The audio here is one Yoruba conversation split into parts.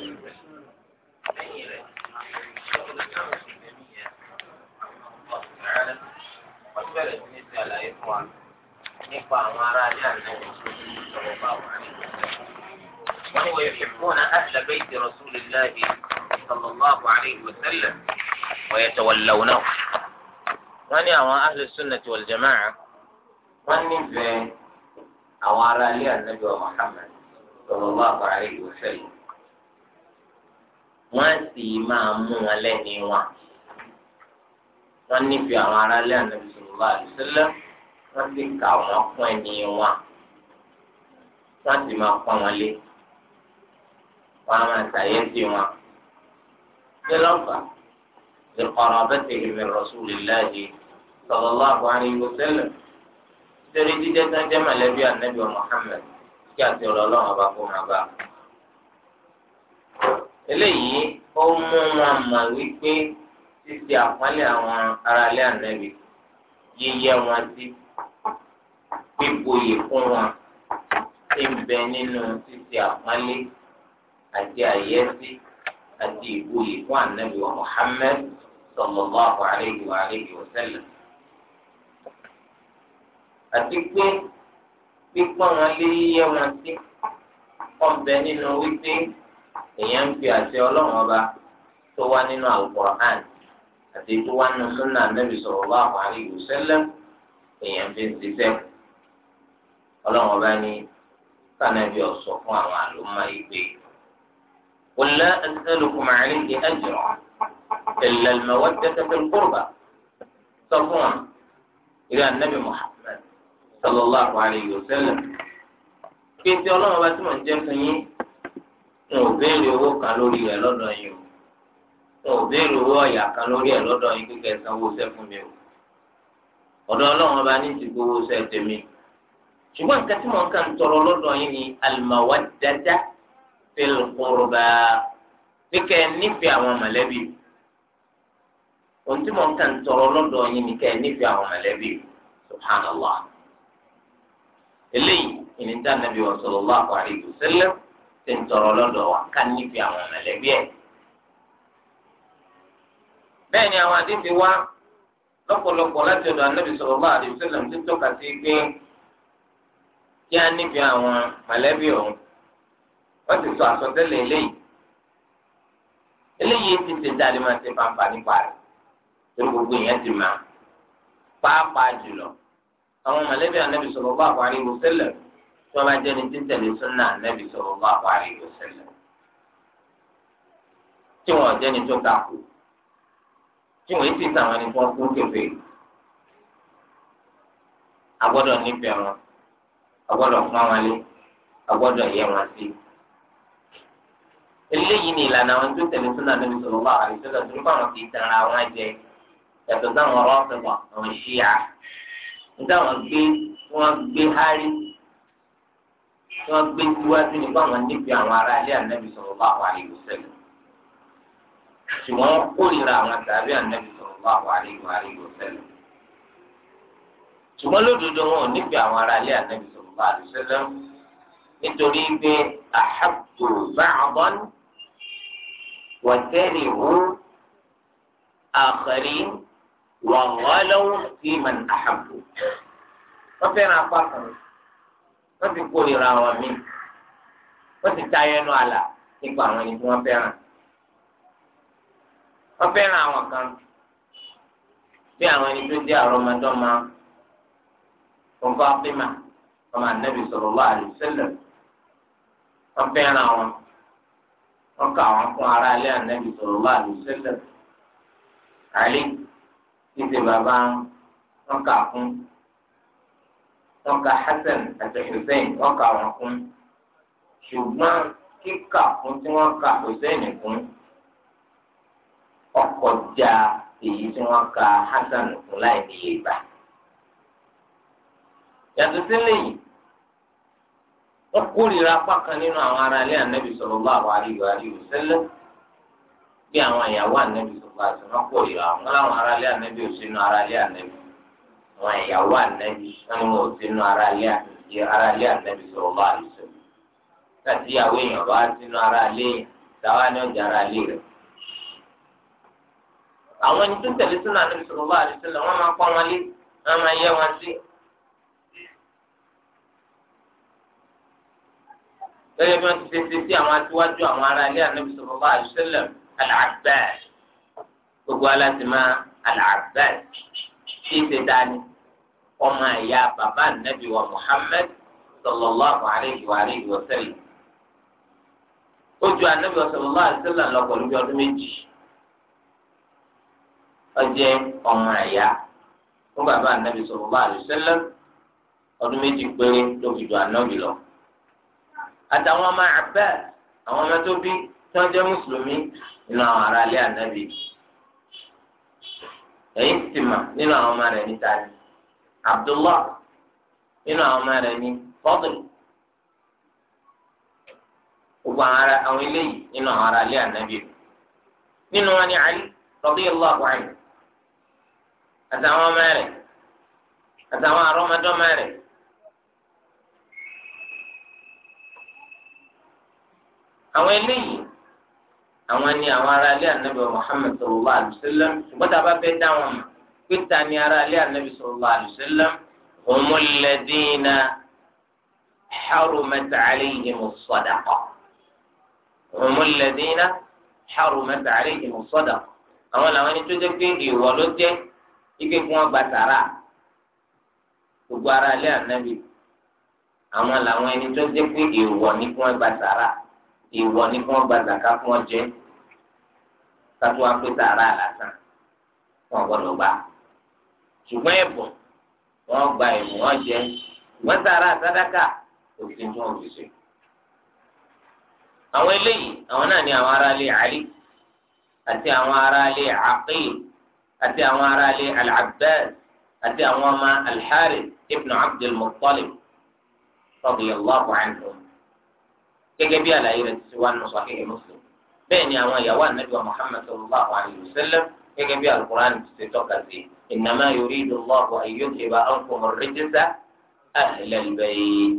bẹ̀rẹ̀ sí ní ti àlàyé fún wa nípa àwọn ará ilé ànáwó sọ̀rọ̀ bá wà ní ìgbésẹ̀. wọ́n ní wọ́n yẹ fún أهل بيت رسول الله صلى الله عليه وسلم ويتولونه. wọ́n ní àwọn أهل السنة والجماعة wọ́n nífẹ̀ẹ́ àwọn ará ilé ànábì Muhammad صلى الله عليه وسلم. wọ́n sì máa mú wọn lẹ́ni wọn. wọ́n nífẹ̀ẹ́ àwọn aráalé ànábì sallallahu alaihi wasallam wọ́n sì kà wọ́n fún ẹni wọn. wọ́n sì máa pọ́n wọn lé. wọ́n á máa ṣàyẹ̀sí wọn. ṣé lọ́fà lè kọ́ra bẹ́ẹ̀ tẹ̀lé mi rasulillahi sallallahu alaihi wasallam torí jíjẹ́ sáńjẹ́ mọ̀lẹ́bí ànábì kí àti ọ̀rọ̀ ọba fún wọn bá a eléyìí ó mú wọn mà wípé títí àpọ́nlé àwọn aráalé ànábì yíyẹ wọn sí gbígboyè fún wọn tí ń bẹ nínú títí àpọ́nlé àti àyẹ́sí àti ìgboyè fún ànábì wa Muhammad sallallahu alayhi wa alayhi wa sallam. àti pé pípọ́n wọn lé yíyẹ wọn sí ọ̀bẹ nínú wípé èèyàn ń fi àṣẹ ọlọ́run ọba tó wá nínú Al-Qur'an àti tó wá nínú súnà Nabi sallallahu alaihi wasallam èèyàn fi ń ṣiṣẹ́ ọlọ́run ọba ní sànàbí ọ̀sọ̀ fún àwọn àlùmọ́ ìgbé. qul la as'alukum alayhi ajran illa al-mawaddata fil qurba sọ fún wọn ìrẹ́ ànábì Muhammad sallallahu alaihi wasallam pé tí ọlọ́run ọba tí mò ń jẹ́ fún yín ẹ ò béèrè owó kan lórí rẹ̀ lọ́dọ̀ yín o ẹ ò béèrè owó ọ̀yà kan lórí ẹ̀ lọ́dọ̀ yín kíkẹ́ sanwó sẹ́ fún mi o ọ̀dọ̀ ọlọ́run bá ní ti gbowó sẹ́ tèmi ṣùgbọ́n nǹkan tí mo ń kàn tọrọ lọ́dọ̀ yín ni al-mawaddata fil qurba kíkẹ́ nífẹ̀ẹ́ àwọn mọ̀lẹ́bí ohun tí mo ń kàn tọrọ lọ́dọ̀ yín ni kẹ́ nífẹ̀ẹ́ àwọn mọ̀lẹ́bí subhanallah eléyìí ìníta nàbí wa sallallahu alaihi wasallam ṣe ń tọrọ lọ́dọ̀ wa ká níbi àwọn mọ̀lẹ́bí ẹ̀. bẹ́ẹ̀ ni àwọn àdébí wa lọ́pọ̀lọpọ̀ láti ọ̀dọ̀ anábì sallallahu alaihi wasallam ti tọ́ka sí pé kí á níbi àwọn mọ̀lẹ́bí ọ̀hún wọ́n ti sọ àsọtẹ́lẹ̀ eléyìí eléyìí ti ṣe jáde máa ṣe pàǹpà nípa rẹ̀ tó gbogbo ìyẹn ti máa pàápàá jùlọ àwọn mọ̀lẹ́bí anábì sallallahu alaihi wasallam tí wọn bá jẹ ní títẹlẹ súnà nẹbi sọ̀rọ̀ bá wà rí ìwòsẹlẹ tí wọn jẹ ní tó takò tí wọn ti tàwọn ẹni tó ń kú kébé agbọ́dọ̀ nífẹ̀ẹ́ wọn agbọ́dọ̀ fún wọn lé agbọ́dọ̀ yẹ wọn sí eléyìí ni ìlànà àwọn tó tẹ̀lé súnà nẹbi sọ̀rọ̀ bá wà rí sọlẹ tó ń bá wọn kì í wọn jẹ yàtọ̀ sáwọn ọ̀rọ̀ wọn àwọn tí wọ́n gbé síwájú ní báwọn níbi àwọn ará ilé ànábì sallallahu alaihi wasallam ṣùgbọ́n kórìíra àwọn tàbí ànábì sallallahu alaihi wasallam ṣùgbọ́n lódodo wọn ò níbi àwọn ará ilé ànábì sallallahu alaihi wasallam nítorí pé ahabbu ba'dan wa karihu akharin wa ghalaw fi man ahabbu wọ́n fẹ́ràn apá kan wọ́n ti kórìíra wọn mí wọ́n ti ta ẹnu àlà nípa àwọn ẹni tí wọ́n fẹ́ràn wọ́n fẹ́ràn àwọn kan bí àwọn ẹni tó jẹ́ àrọ́mọdọ́mọ Fátímà ọmọ Ànábì sallallahu alaihi wasallam wọ́n fẹ́ràn àwọn wọ́n kà wọ́n fún ara ilé Ànábì sallallahu alaihi wasallam àlè títí bàbá wọ́n kà fún. wọ́n ka Hasan àti Hussein wọ́n ka wọn kún ṣùgbọ́n kíkà tí wọ́n ka Hussein kún ọkọ̀ já èyí tí wọ́n ka Hasan kún láì níye gbà. yàtọ̀ sílẹ̀ yìí wọ́n kórìíra apá kan nínú àwọn ará ilé ànábì bí àwọn ìyàwó ànábì sọ̀rọ̀ àti wọ́n kórìíra wọn láwọn ará ilé ànábì àwọn ìyàwó ànábi wọn ni wọn ò sínú ara ilé ara ilé ànábi sọ̀rọ̀ bá àlùsọ láti ìyàwó èèyàn bá sínú ara ilé yẹn táwa ni ọjà ara ilé rẹ. àwọn ẹni tó tẹ̀lé sínú ànábi sọ̀rọ̀ bá àlùsọ lọ wọn máa pa wọn lé wọn máa yẹ wọn sí. lórí ẹbí wọn ti ṣe sí àwọn aṣíwájú àwọn ará ilé ànábi sọ̀rọ̀ bá àlùsọ lọ àlàbẹ gbogbo aláṣẹ máa àlàbẹ kí ṣe dání ọmọ ẹ̀yà bàbá nàbì wa Muhammad sallallahu alayhi wa alayhi wa sallam ó ju anabi wa sallallahu alayhi wa sallam lọ pẹ̀lú bí ọdún méjì ó jẹ́ ọmọ ẹ̀yà fún bàbá nàbì sallallahu alayhi wa sallam ọdún méjì péré ló fi ju anabi lọ àtàwọn ọmọ Abbas àwọn ọmọ tó bí tí wọ́n jẹ́ mùsùlùmí nínú àwọn aráalé anabi ẹ̀yìn tìmà nínú àwọn ọmọ rẹ̀ níta ni abdullah nínú àwọn ọmọ rẹ̀ ní fọdùl gbogbo àwọn eléyìí nínú àwọn ará ilé ànábì nínú wọn ni ali radiyallahu anhu àtàwọn ọmọ rẹ̀ àtàwọn àrọmọdọ́mọ rẹ̀. àwọn eléyìí àwọn ni àwọn ará ilé ànábì Muhammad sallallahu alaihi wasallam ṣùgbọ́n tá a bá dá wọn mọ̀ pété ni ara alẹ́ anabi sallallahu alaihi wasallam humul ladina harumat alayhimus sadaqa humul ladina harumat alayhimus sadaqa àwọn làwọn ẹni tó jẹ́ pé ìwọ ló jẹ́ ike kí wọ́n gba sàrà gbogbo ara alẹ́ ànábì àwọn làwọn ẹni tó jẹ́ pé ìwọ ní kí wọ́n gba sàrà ìwọ ní kí wọ́n gba zàká kí wọ́n jẹ́ kátó wá pé sàrà lásán wọ́n gbọ́dọ̀ gbà ṣùgbọ́n ẹ̀bùn wọ́n gba ẹ̀bùn wọ́n jẹ ṣùgbọ́n sàrà sàdákà òfin tí wọ́n fi ṣe. àwọn eléyìí àwọn náà ni àwọn aráalé Ali àti àwọn aráalé Aqil àti àwọn aráalé Al-Abbas àti àwọn ọmọ Al-Harith ibn Abdul Muttalib radiyallahu anhum gẹ́gẹ́ bí àlàyé rẹ̀ ti ṣe wá nù Sahih Muslim bẹ́ẹ̀ ni àwọn ìyàwó ànábì wa Muhammad sallallahu alayhi wa gẹ́gẹ́ bí alukur'an ti ṣe tọ́ka sí innama yuridu Allahu an yuthiba ankum ar-rijsa ahla al-bayt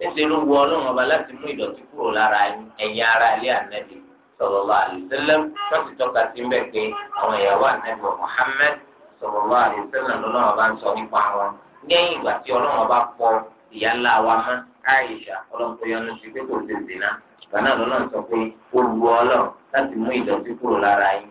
níṣẹ́ ló wọ ọlọ́run ọba láti mú ìdọ̀tí kúrò lára ẹ̀yìn ara ilé ànábì sallallahu alaihi wasallam wọ́n tọ́ka sí ń bẹ̀ pé àwọn ìyàwó ànábì Muhammad sallallahu alaihi wasallam lọ́lọ́run ọba ń sọ nípa wọn lẹ́yìn ìgbà tí ọlọ́run ọba pọ̀ ìyá wa mọ́ Aisha ọlọ́run tó yọnu sí pé kò tètè ná gbaná lọ́lọ́run sọ pé ó ọlọ́run láti mú ìdọ̀tí kúrò lára yín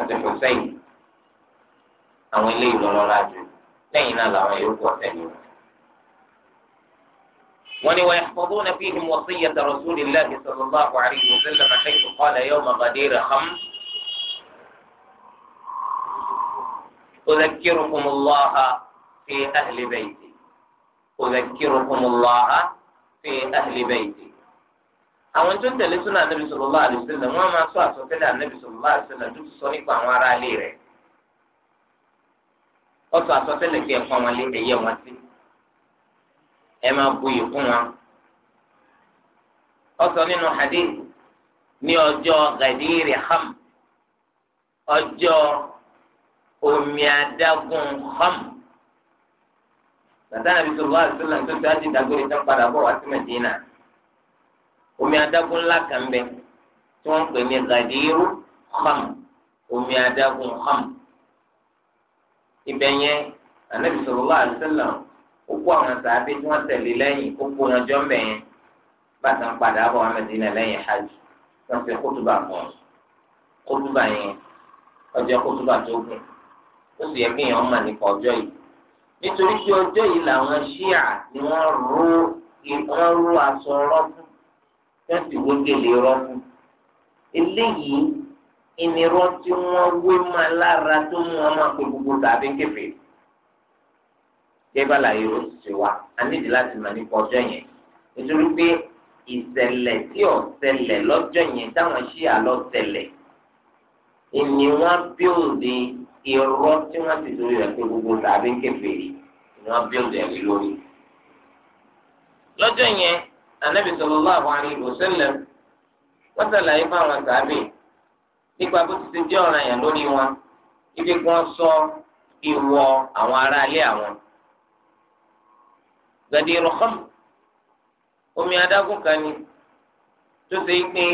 àti hussein àwọn eléyìí lọ́lọ́lá jù lẹ́yìn náà làwọn yòókù ọ̀sẹ̀ ni wọn. ولي ويحفظون فيهم وصية رسول الله صلى الله عليه وسلم حيث قال يوم غدير خمس أذكركم الله في أهل بيتي أذكركم الله في أهل بيتي àwọn tó ń tẹ̀lé súnà ànábì sallallahu alaihi wasallam wọ́n máa sọ àsọtẹ́lẹ̀ ànábì sallallahu alaihi wasallam tó ti sọ nípa àwọn ará ilé rẹ̀ ó sọ àsọtẹ́lẹ̀ kí ẹ fọ́n wọn lé ẹyẹ wọn sí ẹ máa buyì fún wọn ó sọ nínú hadith ní ọjọ́ gàdírì ham ọjọ́ omi adágún ham bàtà ànábì sallallahu alaihi wasallam tó ti á ti padà bọ̀ wá sí Mẹdínà omi adágún ńlá kan bẹ tí wọ́n ń pè ní gàdírú ham omi adágún ham ibẹ̀ yẹn anabi sallallahu alaihi wasallam ó kó àwọn sàábé tí wọ́n tẹ̀lé lẹ́yìn ó kó wọn jọ mbẹ bàtà ń padà bọ̀ amẹdínà lẹ́yìn hajj wọ́n fi kótóbà pọ̀ kótóbà yẹn ọjọ́ kótóbà tó gùn ó sì yẹ kéèyàn mà nípa ọjọ́ yìí nítorí pé ọjọ́ yìí làwọn ṣíà ni wọ́n rú aṣọ ọlọ́fún wọ́n sì wó gèlè rọ́ọ̀kù eléyìí ìnirọ́ tí wọ́n wé máa lára tó mú wọn máa pe gbogbo tàbí kéfè kébà làyè ó sì wá a nídìí láti mà nípa ọjọ́ yẹn nítorí pé ìṣẹ̀lẹ̀ tí ò ṣẹlẹ̀ lọ́jọ́ yẹn táwọn ṣí àlọ́ ṣẹlẹ̀ ìní wọn bíòde irọ́ tí wọ́n ti torí rẹ̀ pé gbogbo tàbí kéfè ni wọ́n bíòde ẹ̀rí lórí lọ́jọ́ yẹn anabi sallallahu alayhi wa sallam wọ́n sàlàyé fáwọn sàbẹ̀ nípa bó ti ṣe jẹ́ ọ̀ràn yẹn lórí wọn ibi kí wọ́n sọ ìwọ àwọn ará ilé àwọn. gàdìrò kọ́m omi adágún kan ni tó ṣe pé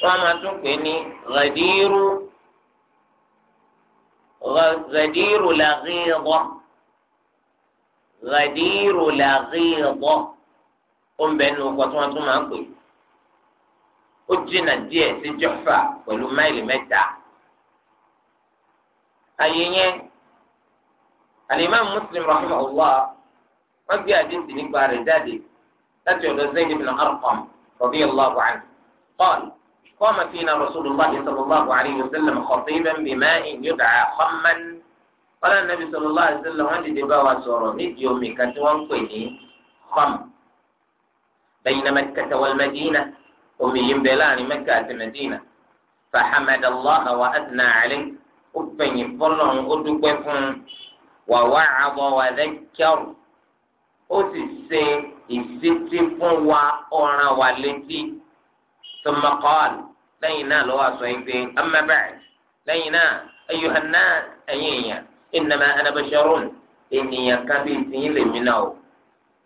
wọ́n máa tún pè ní gàdìrò gàdìrò làgìrò gàdìrò làgìrò ó ń bẹ nínú ọkọ tí wọ́n tún máa ń pè ó jìnnà díẹ̀ sí jọ́fà pẹ̀lú máìlì mẹ́ta àyè yẹn alimami muslim rahimahullah wọ́n gbé àdéhùn nípa rẹ̀ jáde láti ọ̀dọ̀ zayd ibn arqam radiyallahu anhu qala قام فينا رسول الله صلى الله عليه وسلم خطيبا بماء يدعى خما قال النبي صلى الله عليه وسلم wọ́n dìde bá wa sọ̀rọ̀ nídìí omi kan tí wọ́n ń pè ní kham بين مكة والمدينة أمي يمبلان مكة المدينة فحمد الله وأثنى عليه أبين فرن أدقفن ووعظ وذكر أسس إستف وأرى والتي ثم قال لينا لو أصيبين أما بعد لينا أيها الناس أيها إنما أنا بشر إني كبيتي منه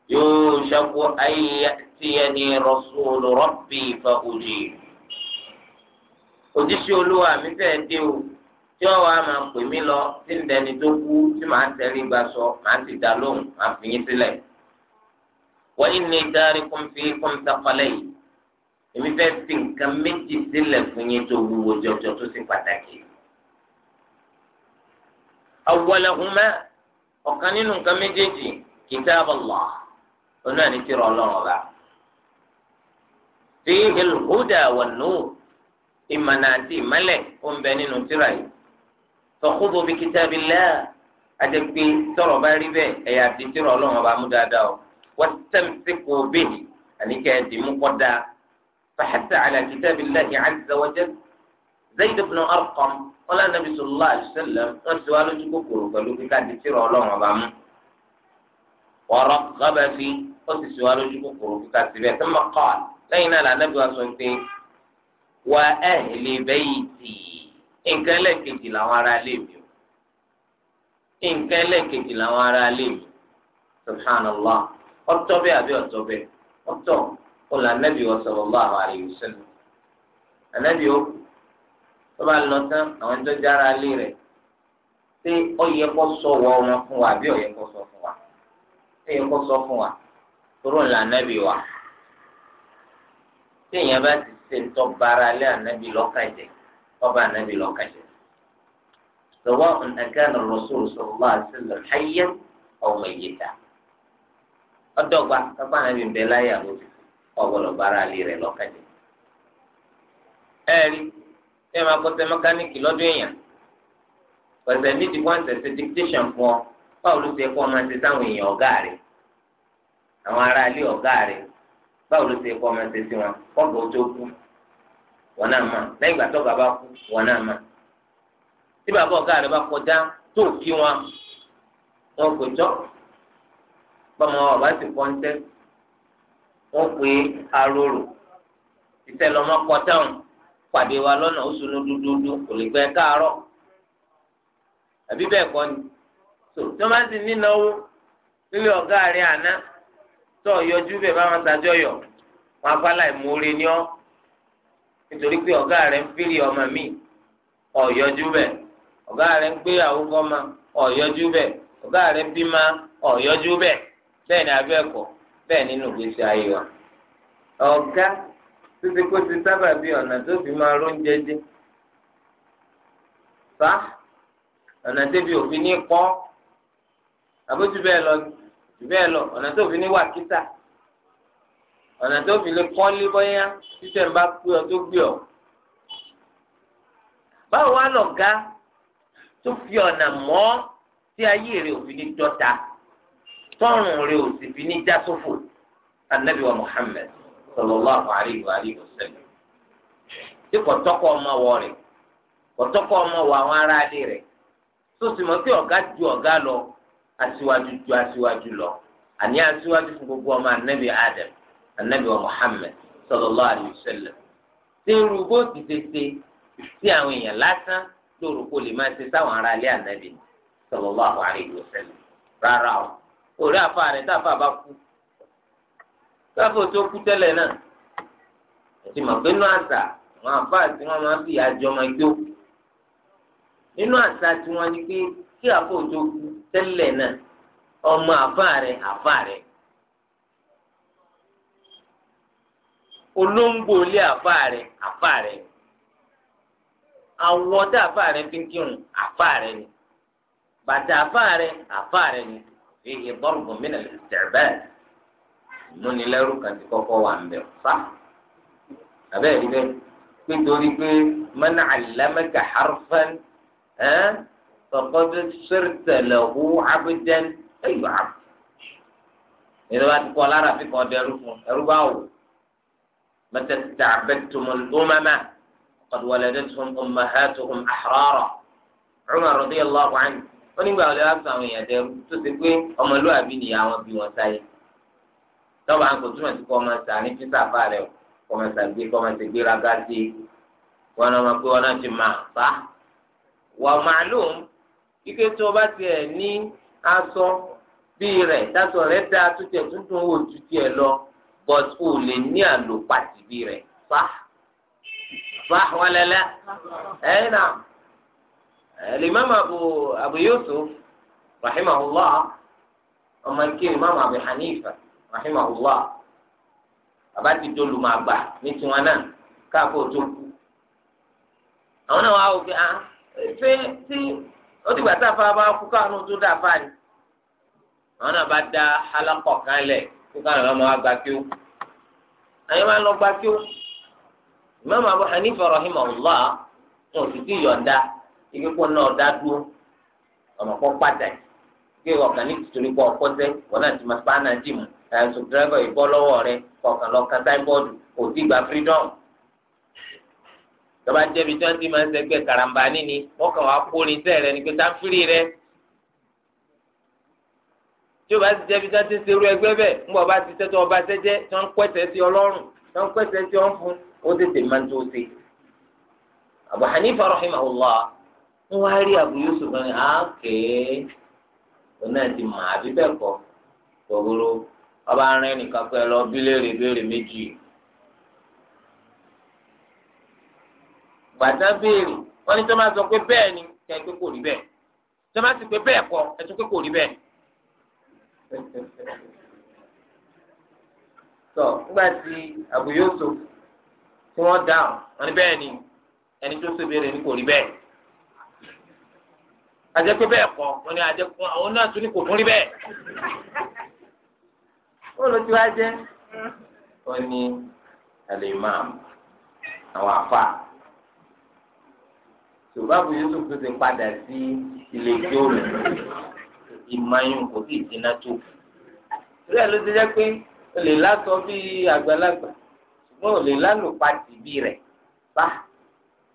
يوشك أن يأتيني رسول ربي فأجيب ojúṣe olúwa mi fẹ́ dé o tí ọ̀wá máa pè mí lọ tí ń dẹni tó kú tí màá tẹ̀lé gba sọ màá sì dá lóhùn màá fi yín sílẹ̀. wọ́n yín ní dárí kún fi kún takalẹ̀ yìí èmi fẹ́ fi nǹkan méjì sílẹ̀ fún yín tó wúwo jọjọ tó sì pàtàkì. awwalahuma ọ̀kan nínú nǹkan méjèèjì kitab Allah onú ẹni tí rọ Ọlọ́run ọba tí ìlúhúdà wọnú ìmọ̀nà àti ìmọ̀lẹ̀ ó ń bẹ nínú tírà yìí tọkúbọ bí kìtàbí lẹ́à àdẹ́gbé tọrọ bá rí bẹ́ẹ̀ ẹ̀yà àti tírà Ọlọ́run ọba mú dáadáa o wọ́n tẹ̀sí kò bẹ́ẹ̀ àníkẹ́ ẹ̀dìmú kọ́ dáa fàḥẹ́sẹ̀ àlẹ́ kìtàbí lẹ́yìn àdìsẹ́wọ́jẹ́ Zayd ibn Arqam wọn lánàá bí sọlá àdìsẹ́lẹ̀ wọn ti wá lójú kòkòrò pẹ̀lú kíkà àti tírà Ọlọ́run ọba mú wọ́rọ́ gábàfi ó sì ṣe wá lójú kòkòrò kíkà síbẹ̀ tó mọ̀ kọ́ lẹ́yìn náà lànàbí wa sọ pé wà ahli bayti nǹkan ẹlẹ́ẹ̀kejì làwọn ará ilé mi o nǹkan ẹlẹ́ẹ̀kejì làwọn ará ilé mi subhanallah ọtọ́ bẹ́ẹ̀ àbí ọtọ́ bẹ́ẹ̀ ọtọ́ ó là nàbí wa sallallahu alaihi wasallam ànàbí ó tó bá lọ tán àwọn tó jára ilé rẹ̀ ṣé ó yẹ kó sọ wọ ọmọ fún wa àbí ó yẹ kó sọ fún wa ẹ̀yẹ kó sọ fún wa tóró ńlá ànábì wa téèyàn bá ti ṣe ń tọ́ bara lé ànábì lọ́kàjẹ́ ọba ànábì lọ́kàjẹ́ lọ́wọ́ nǹkan rọ̀ṣọ́rọ̀ sọ̀rọ̀ àṣìlẹ̀ ayé ọ̀wọ̀ ìyẹ̀dá ọdọ́gba kápá ànábì ń bẹ láyé àwọn ọ̀gbọ̀lọ̀ bara lé rẹ̀ lọ́kàjẹ́ ẹ̀rí tẹ́ máa kọ́ sẹ́ mẹkáníìkì lọ́dún èèyàn pẹ̀sẹ̀ nídìí wọ́n ṣẹ̀ṣẹ̀ dictation fún ọ báwo ló ti yẹ kó ọmọ ẹsẹ sáwọn èèyàn ọ̀gá rẹ̀ àwọn ará ilé ọ̀gá rẹ̀ báwo ló ti yẹ kó ọmọ ẹsẹ sí wọn kọgbà ó tó kú wọn náà mà lẹ́yìn ìgbà tọgbà bá kú wọn náà mà tí bàbá ọ̀gá rẹ̀ bá kọjá tó kí wọn wọn kò jọ bọmọ ọba ti kọ ń tẹ wọn pè é arorò ìtẹlọmọ kọtẹun pàdé wa lọ́nà oṣù ní dúdúdú kò lè gbẹ káàárọ̀ àbí bẹ́ẹ̀ kọ́ ni tó tí wọ́n bá ti nínáwó nílé ọ̀gá rẹ̀ àná tó ọ̀yọ́jú bẹ̀ bá wọn ṣàjọ yọ̀ wọn afálà ìmoore ni ọ́ nítorí pé ọ̀gá rẹ̀ ń fìrì ọmọ mi ọ̀yọ́jú bẹ̀ ọ̀gá rẹ̀ ń gbé àwòkọ́ ma ọ̀yọ́jú bẹ̀ ọ̀gá rẹ̀ ń bímá ọ̀yọ́jú bẹ̀ bẹ́ẹ̀ ni abẹ́ ẹ̀kọ́ bẹ́ẹ̀ nínú ìgbésí ayé wa ọ̀gá títí kó ti sábà bí ọ̀nà tó fi máa róúnjẹ dé fa ọ̀nà débi òfin ní kọ́ àbó jù bẹ́ẹ̀ lọ jù bẹ́ẹ̀ lọ ọ̀nà tó fi ní wà kíta ọ̀nà tó fi lè kọ́lé bọ́yá títẹ̀ ń bá pé ọ tó gbé ọ. báwo wá lọ̀gá tó fi ọ̀nà mọ́ tí ayé rẹ̀ ò fi ní dọ́ta tọ́rùn rẹ̀ ò sì fi ní já sófò anabi wa Muhammad sallallahu alayhi wa tí kò tọ́kọ̀ ọmọ wọ rẹ̀ kò tọ́kọ̀ ọmọ wọ àwọn aráalé rẹ̀ tó sì mọ̀ sí ọ̀gá ju ọ̀gá lọ aṣíwájú ju aṣíwájú lọ àní aṣíwájú fún gbogbo ọmọ anabi adam anabi wa muhammed sallallahu alayhi wa sallam ṣé irú bó ti ṣe ṣe sí àwọn èèyàn lásán lóru kó lè máa ṣe sáwọn ará ilé anabi sallallahu alayhi wa sallam rárá o orí afa rẹ táfa bá kú táfa tó kú tẹ́lẹ̀ náà ẹtì mọ̀ pé nínú àṣà àwọn afa tí wọ́n máa fi àjọ máa jó nínú àṣà tí wọ́n ní pé kí àpò tó kú tẹ́lẹ̀ náà ọmọ àfa rẹ̀ àfa rẹ̀ olóńgbò ilé àfa rẹ̀ àfa rẹ̀ àwọ̀ tá àfa rẹ̀ fi ń kírun àfa rẹ̀ ni bàtà àfa rẹ̀ àfa rẹ̀ ni fi ìbọ̀rùn gómìnà múnilẹ́rù kan ti kọ́kọ́ wà ń bẹ̀ fa abẹ́rẹ́ bẹ́ẹ̀ pé torí pé mọ́nà àlámẹ́kà harfan فقد sẹrẹtẹlẹ له عبدا ẹyọ abu ìlú bá ti kọ lára fi kọ dẹrú fún ẹrú bá wò mẹtẹtẹ abẹtumọ ọmọọmọ ọdún wọlé dẹtùm ọmọhẹtùm àhọrọ ọmọ rọdí ọlọpàá ẹni wọn nígbà wọlé wàá sọ àwọn èèyàn dẹrú tó ti pé ọmọlúwàbí nìyà wọn bí wọn sáyé tọ́ba ń kò túmọ̀ sí kọ́ ọmọ ẹ̀sà fífà fà rẹ̀ kọ́ ọmọ ẹ̀sà kọ́ ọmọ ẹ̀sà gbéraga sí wọn ọmọ pé wọn náà ti máa fa wà màálùm ike tó o bá tiẹ̀ ní aṣọ bíi rẹ̀ dáṣọ rẹ̀ dá tuntun wò ju lọ but o lè ní àlò pàtì bíi rẹ̀ fa fa wàlẹ́lẹ́ ẹ̀yìn náà Imam Abu Abu Yusuf rahimahullah ọmọ Imam Abu Hanifa rahimahullah bàbá ti dolu máa gbà ní tiwọn náà káàkó tó kú àwọn náà wà á wò pé ah ó ti gbà táfa bá kú káwọn tó dà fà ní. àwọn náà bá da alákọ̀ kan lẹ̀ kó káwọn náà máa gba kí ó. àyẹ̀ máa lọ gba kí ó. ìmáàmù Abu Hanifa rahimahullah wọn ò sì tí yọ̀ǹda ike kó náà dá dúró ọmọ kọ́ pàtàkì kí ọ̀kan ní tìtorí kọ́ ọ̀kọ́sẹ́ wọn náà ti máa pa á náà ẹ̀sùn dírẹ́fà ìbọ́ lọ́wọ́ rẹ̀ kọ̀ọ̀kan lọ ka táìbọ́ọ̀dù kò tí gba freedom. tọ́ba jẹ́bi tí wọ́n ti máa ń sẹ́gbẹ́ karamba níní wọ́n kàn wá kórin sẹ́ rẹ ní pé rẹ tí o bá ti jẹ́bi tí wọ́n ti serú ẹgbẹ́ bẹ́ẹ̀ ń bọ̀ bá ti tẹ́tọ́ ọba sẹ́jẹ́ tí wọ́n ń pẹ́sẹ̀ ọlọ́run tí wọ́n ọ̀n fún ó tètè máa ń tó ṣe. Hanifa ń wá rí Yusuf ní àáké ti àbí bẹ́ẹ̀ kọ́ gbogbo gbàdá béèrè wọ́n ní tó máa sọ pé bẹ́ẹ̀ ni kẹ́ ẹ pé kò rí bẹ́ẹ̀ tó máa sì pé bẹ́ẹ̀ kọ́ ẹ tún pé kò rí bẹ́ẹ̀. tọ́ nígbà tí Abu Yusuf tí wọ́n dáhùn wọ́n ní bẹ́ẹ̀ ni ẹni tó ṣe béèrè ni kò rí bẹ́ẹ̀ àjẹ́ pé bẹ́ẹ̀ kọ́ wọ́n ní àjẹ́ kọ́ àwọn náà tún ní kò tún rí bẹ́ẹ̀. ó ló ti wá jẹ́ wọ́n mm. ní àlè máa àwọn àfa yorùbá bu yusuf tó ti padà sí ilé ìjọ́rò ìmọ̀yún kò sí ìdínà tó torí ẹ̀ ló ti jẹ́ pé o lè lásọ bí àgbàlagbà ṣùgbọ́n o lè lálùpá tìbí rẹ̀ bá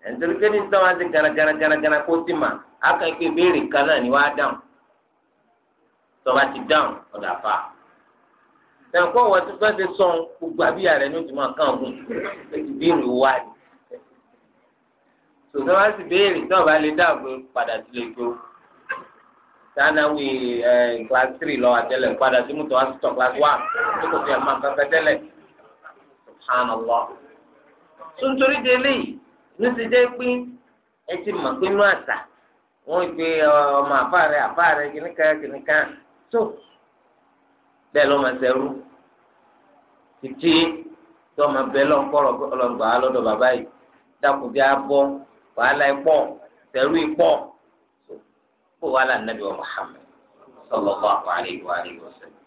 ẹ̀ńtẹ́rì pé ní sọ́wọ́n ti garagaragaragara kó sì mà á kàn pé béèrè kan náà ni wàá dáhùn tọ́ba ti dáhùn ọ̀dà fà á tẹ̀kọ́ wọ́n ti fẹ́ ṣe sọ gbogbo àbíyá rẹ̀ ní o ti máa kàn gùn o ti béèrè wá ní sọ̀tọ́ bá sì béèrè tó bá lè dáàbò padà sí lè tó sanawi ẹ class three lọ àtẹlẹ padà sí mùtọ́ àtúntò class one tó kò fi ẹ̀ kankan tẹ́lẹ̀ subhanallah. suntori délé yìí ní ti jẹ́ pé ẹ ti mọ̀ pé inú àṣà wọ́n gbé ọmọ àfáàrẹ̀ àfáàrẹ̀ kìnnìkan kìnnìkan tó bẹ́ẹ̀ lọ́mọ sẹ́rú títí tọ́mọ bẹ́ẹ̀ lọ́nkọ́ ọlọ́gbà lọ́dọ̀ bàbá yìí dákùjá bọ́ wàhálà ikpọọ tẹrù ipọ kó wàhálà nabi wa Muhammad sallallahu alaihi wa alihi wasallam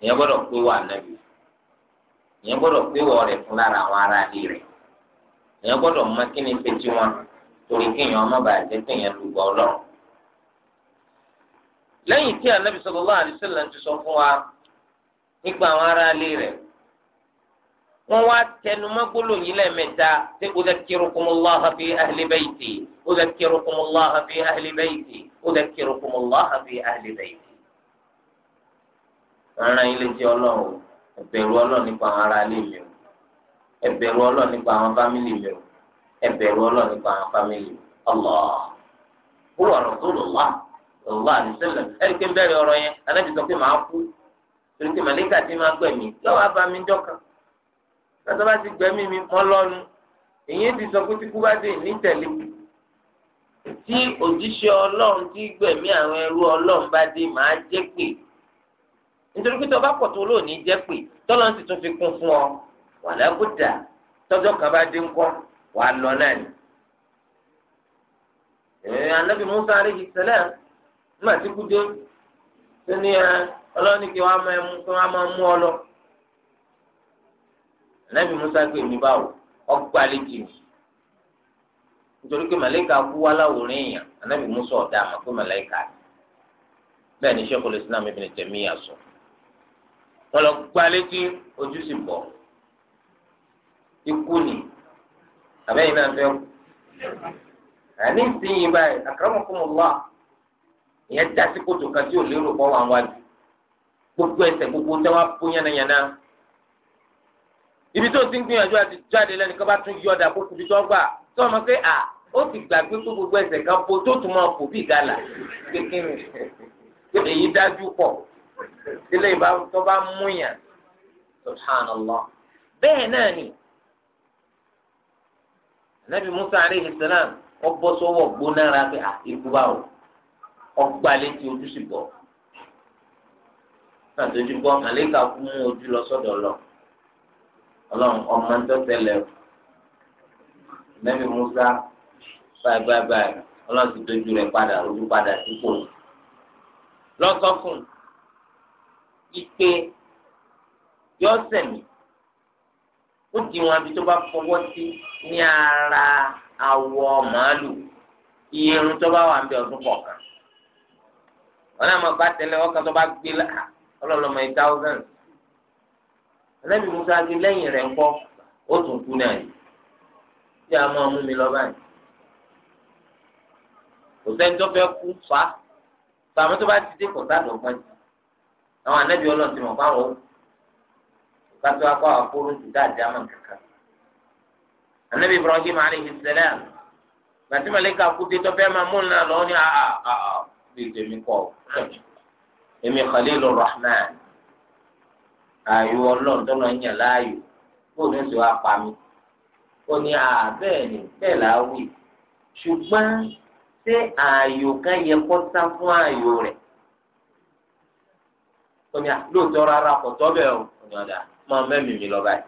ìyẹn gbọ́dọ̀ pé wà nàbí ìyẹn gbọ́dọ̀ pé fún lára àwọn ará ilé rẹ ìyẹn mọ kí ni pẹtí wọn torí ọmọ bàa jẹ lùgbọ lẹ́yìn tí ti sọ fún wa nípa àwọn ará ilé wọ́n wá tẹnumọ́ gbólóyìn lẹ́ẹ̀mẹ́ta tí udhakkirukumullah fi ahli bayti udhakkirukumullah fi ahli bayti udhakkirukumullah fi ahli bayti. ara ilé jẹ́ ọlọ́run ẹ̀bẹ̀rù ọlọ́run nípa àwọn ará ilé mi o ẹ̀bẹ̀rù ọlọ́run nípa àwọn fámìlì mi o ẹ̀bẹ̀rù ọlọ́run nípa àwọn fámìlì Allah kúrò ọ̀rọ̀ tó lò wá lò wá àdìsẹ́lẹ̀ ẹ̀rí pé bẹ́ẹ̀ yẹn pé màá kú tọ́tọ́ bá ti gbẹ̀mí mi mọ́ lọ́nu èyí ti sọ pé tí kú bá dé ní tẹ̀lé tí òjíṣẹ́ ọlọ́run tí gbẹ̀mí àwọn ẹrú ọlọ́run bá dé máa jẹ́ pé nítorí pé tọ́ bá pọ̀ tó lóòní jẹ́ pé tọ́lọ́run sì tún fi kún fún ọ wà lábùdà tọ́jọ́ kan bá dé ńkọ́ wà lọ náà ni. ẹ̀ẹ́n Musa alayhi salam nígbà tí kú tó ní ọlọ́run ní kí wọ́n á máa mú ọ lọ ànábì musa pè mí báwo ọgbà lẹ́jì mi nítorí pé màlẹ́kà kú wá láwòrán èèyàn ànábì musa ọ̀dà àmọ́ pé màlẹ́kà bẹ́ẹ̀ ni sẹ́kọ̀ọ́ lè sinamí ibn Taymiyyah sọ wọn lọ gbà lẹ́jì ojú sì bọ̀ ikú ni àbẹ́yìn náà fẹ́ kú àní ìsinyìí báyìí akramakumullah ìyẹn dá sí kan tí ò lérò pọ̀ wá wájú gbogbo ẹsẹ̀ gbogbo tẹ́wọ́ á yánnayànna ibi tó ti ń gbìyànjú àti jáde lẹ́nu kí wọ́n bá tún yí ọ̀dà kó tóbi tó gbà tó ọmọ pé à ó ti gbàgbé pé gbogbo ẹsẹ̀ kan po tó tún máa pò bí ìgalà kékeré èyí dájú pọ̀ sílẹ̀ ìbá tó bá múyàn subhanallah bẹ́ẹ̀ náà ni anabi musa aleyhi salam ọbọ sọwọ gbónára pé à ikú bá wò ọgbà létí ojú sì bọ náà tó ju bọ àlékà kú mú ojú lọ sọ́dọ̀ lọ ọlọ́run ọmọ ń tọ́sẹ̀lẹ̀ o nẹ́bí musa báyìí báyìí báyìí ọlọ́run ti dojú rẹ̀ padà ojú padà sípò lọ́sọ̀kùn ike yọ sẹ̀mí ó di wọn àbí tó bá fọwọ́ sí ní ara awọ màálù iye irun tó bá wà ń bẹ ọdún kọ̀ọ̀kan wọn náà mọ̀ pé àtẹlẹ ọkàn tó bá gbé ọlọ́lọ́mọ eight thousand ànábì musa ti lẹ́yìn rẹ̀ ńkọ́ ó tún kú náà yìí tí a máa mú mi lọ báyìí kò sẹ́ni tó fẹ́ kú fa fàmí tó bá ti dé kò sáà dọ̀gbọ́n jù àwọn ànábì ọlọ́run ti mọ̀ fáwọn ó kátó akọ àkóró ti dáadáa àmọ́ kankan ànábì ibrahim alayhi salam gbàtí màlẹ́kà kú tó fẹ́ máa mú nà lọ́wọ́ ní àà àà bí èmi kọ́ èmi khalilur rahman ààyò ọlọ́run tó lọ ń yàn láàyò bóun ló sì wá pa mí ó ní àbẹ́ẹ̀ ni bẹ́ẹ̀ là á wì ṣùgbọ́n ṣé ààyò kan yẹ kó sá fún ààyò rẹ̀ ó ní lóòótọ́ rárá kò tọ́ bẹ́ẹ̀ o ó máa mẹ́mìí mi lọ báyìí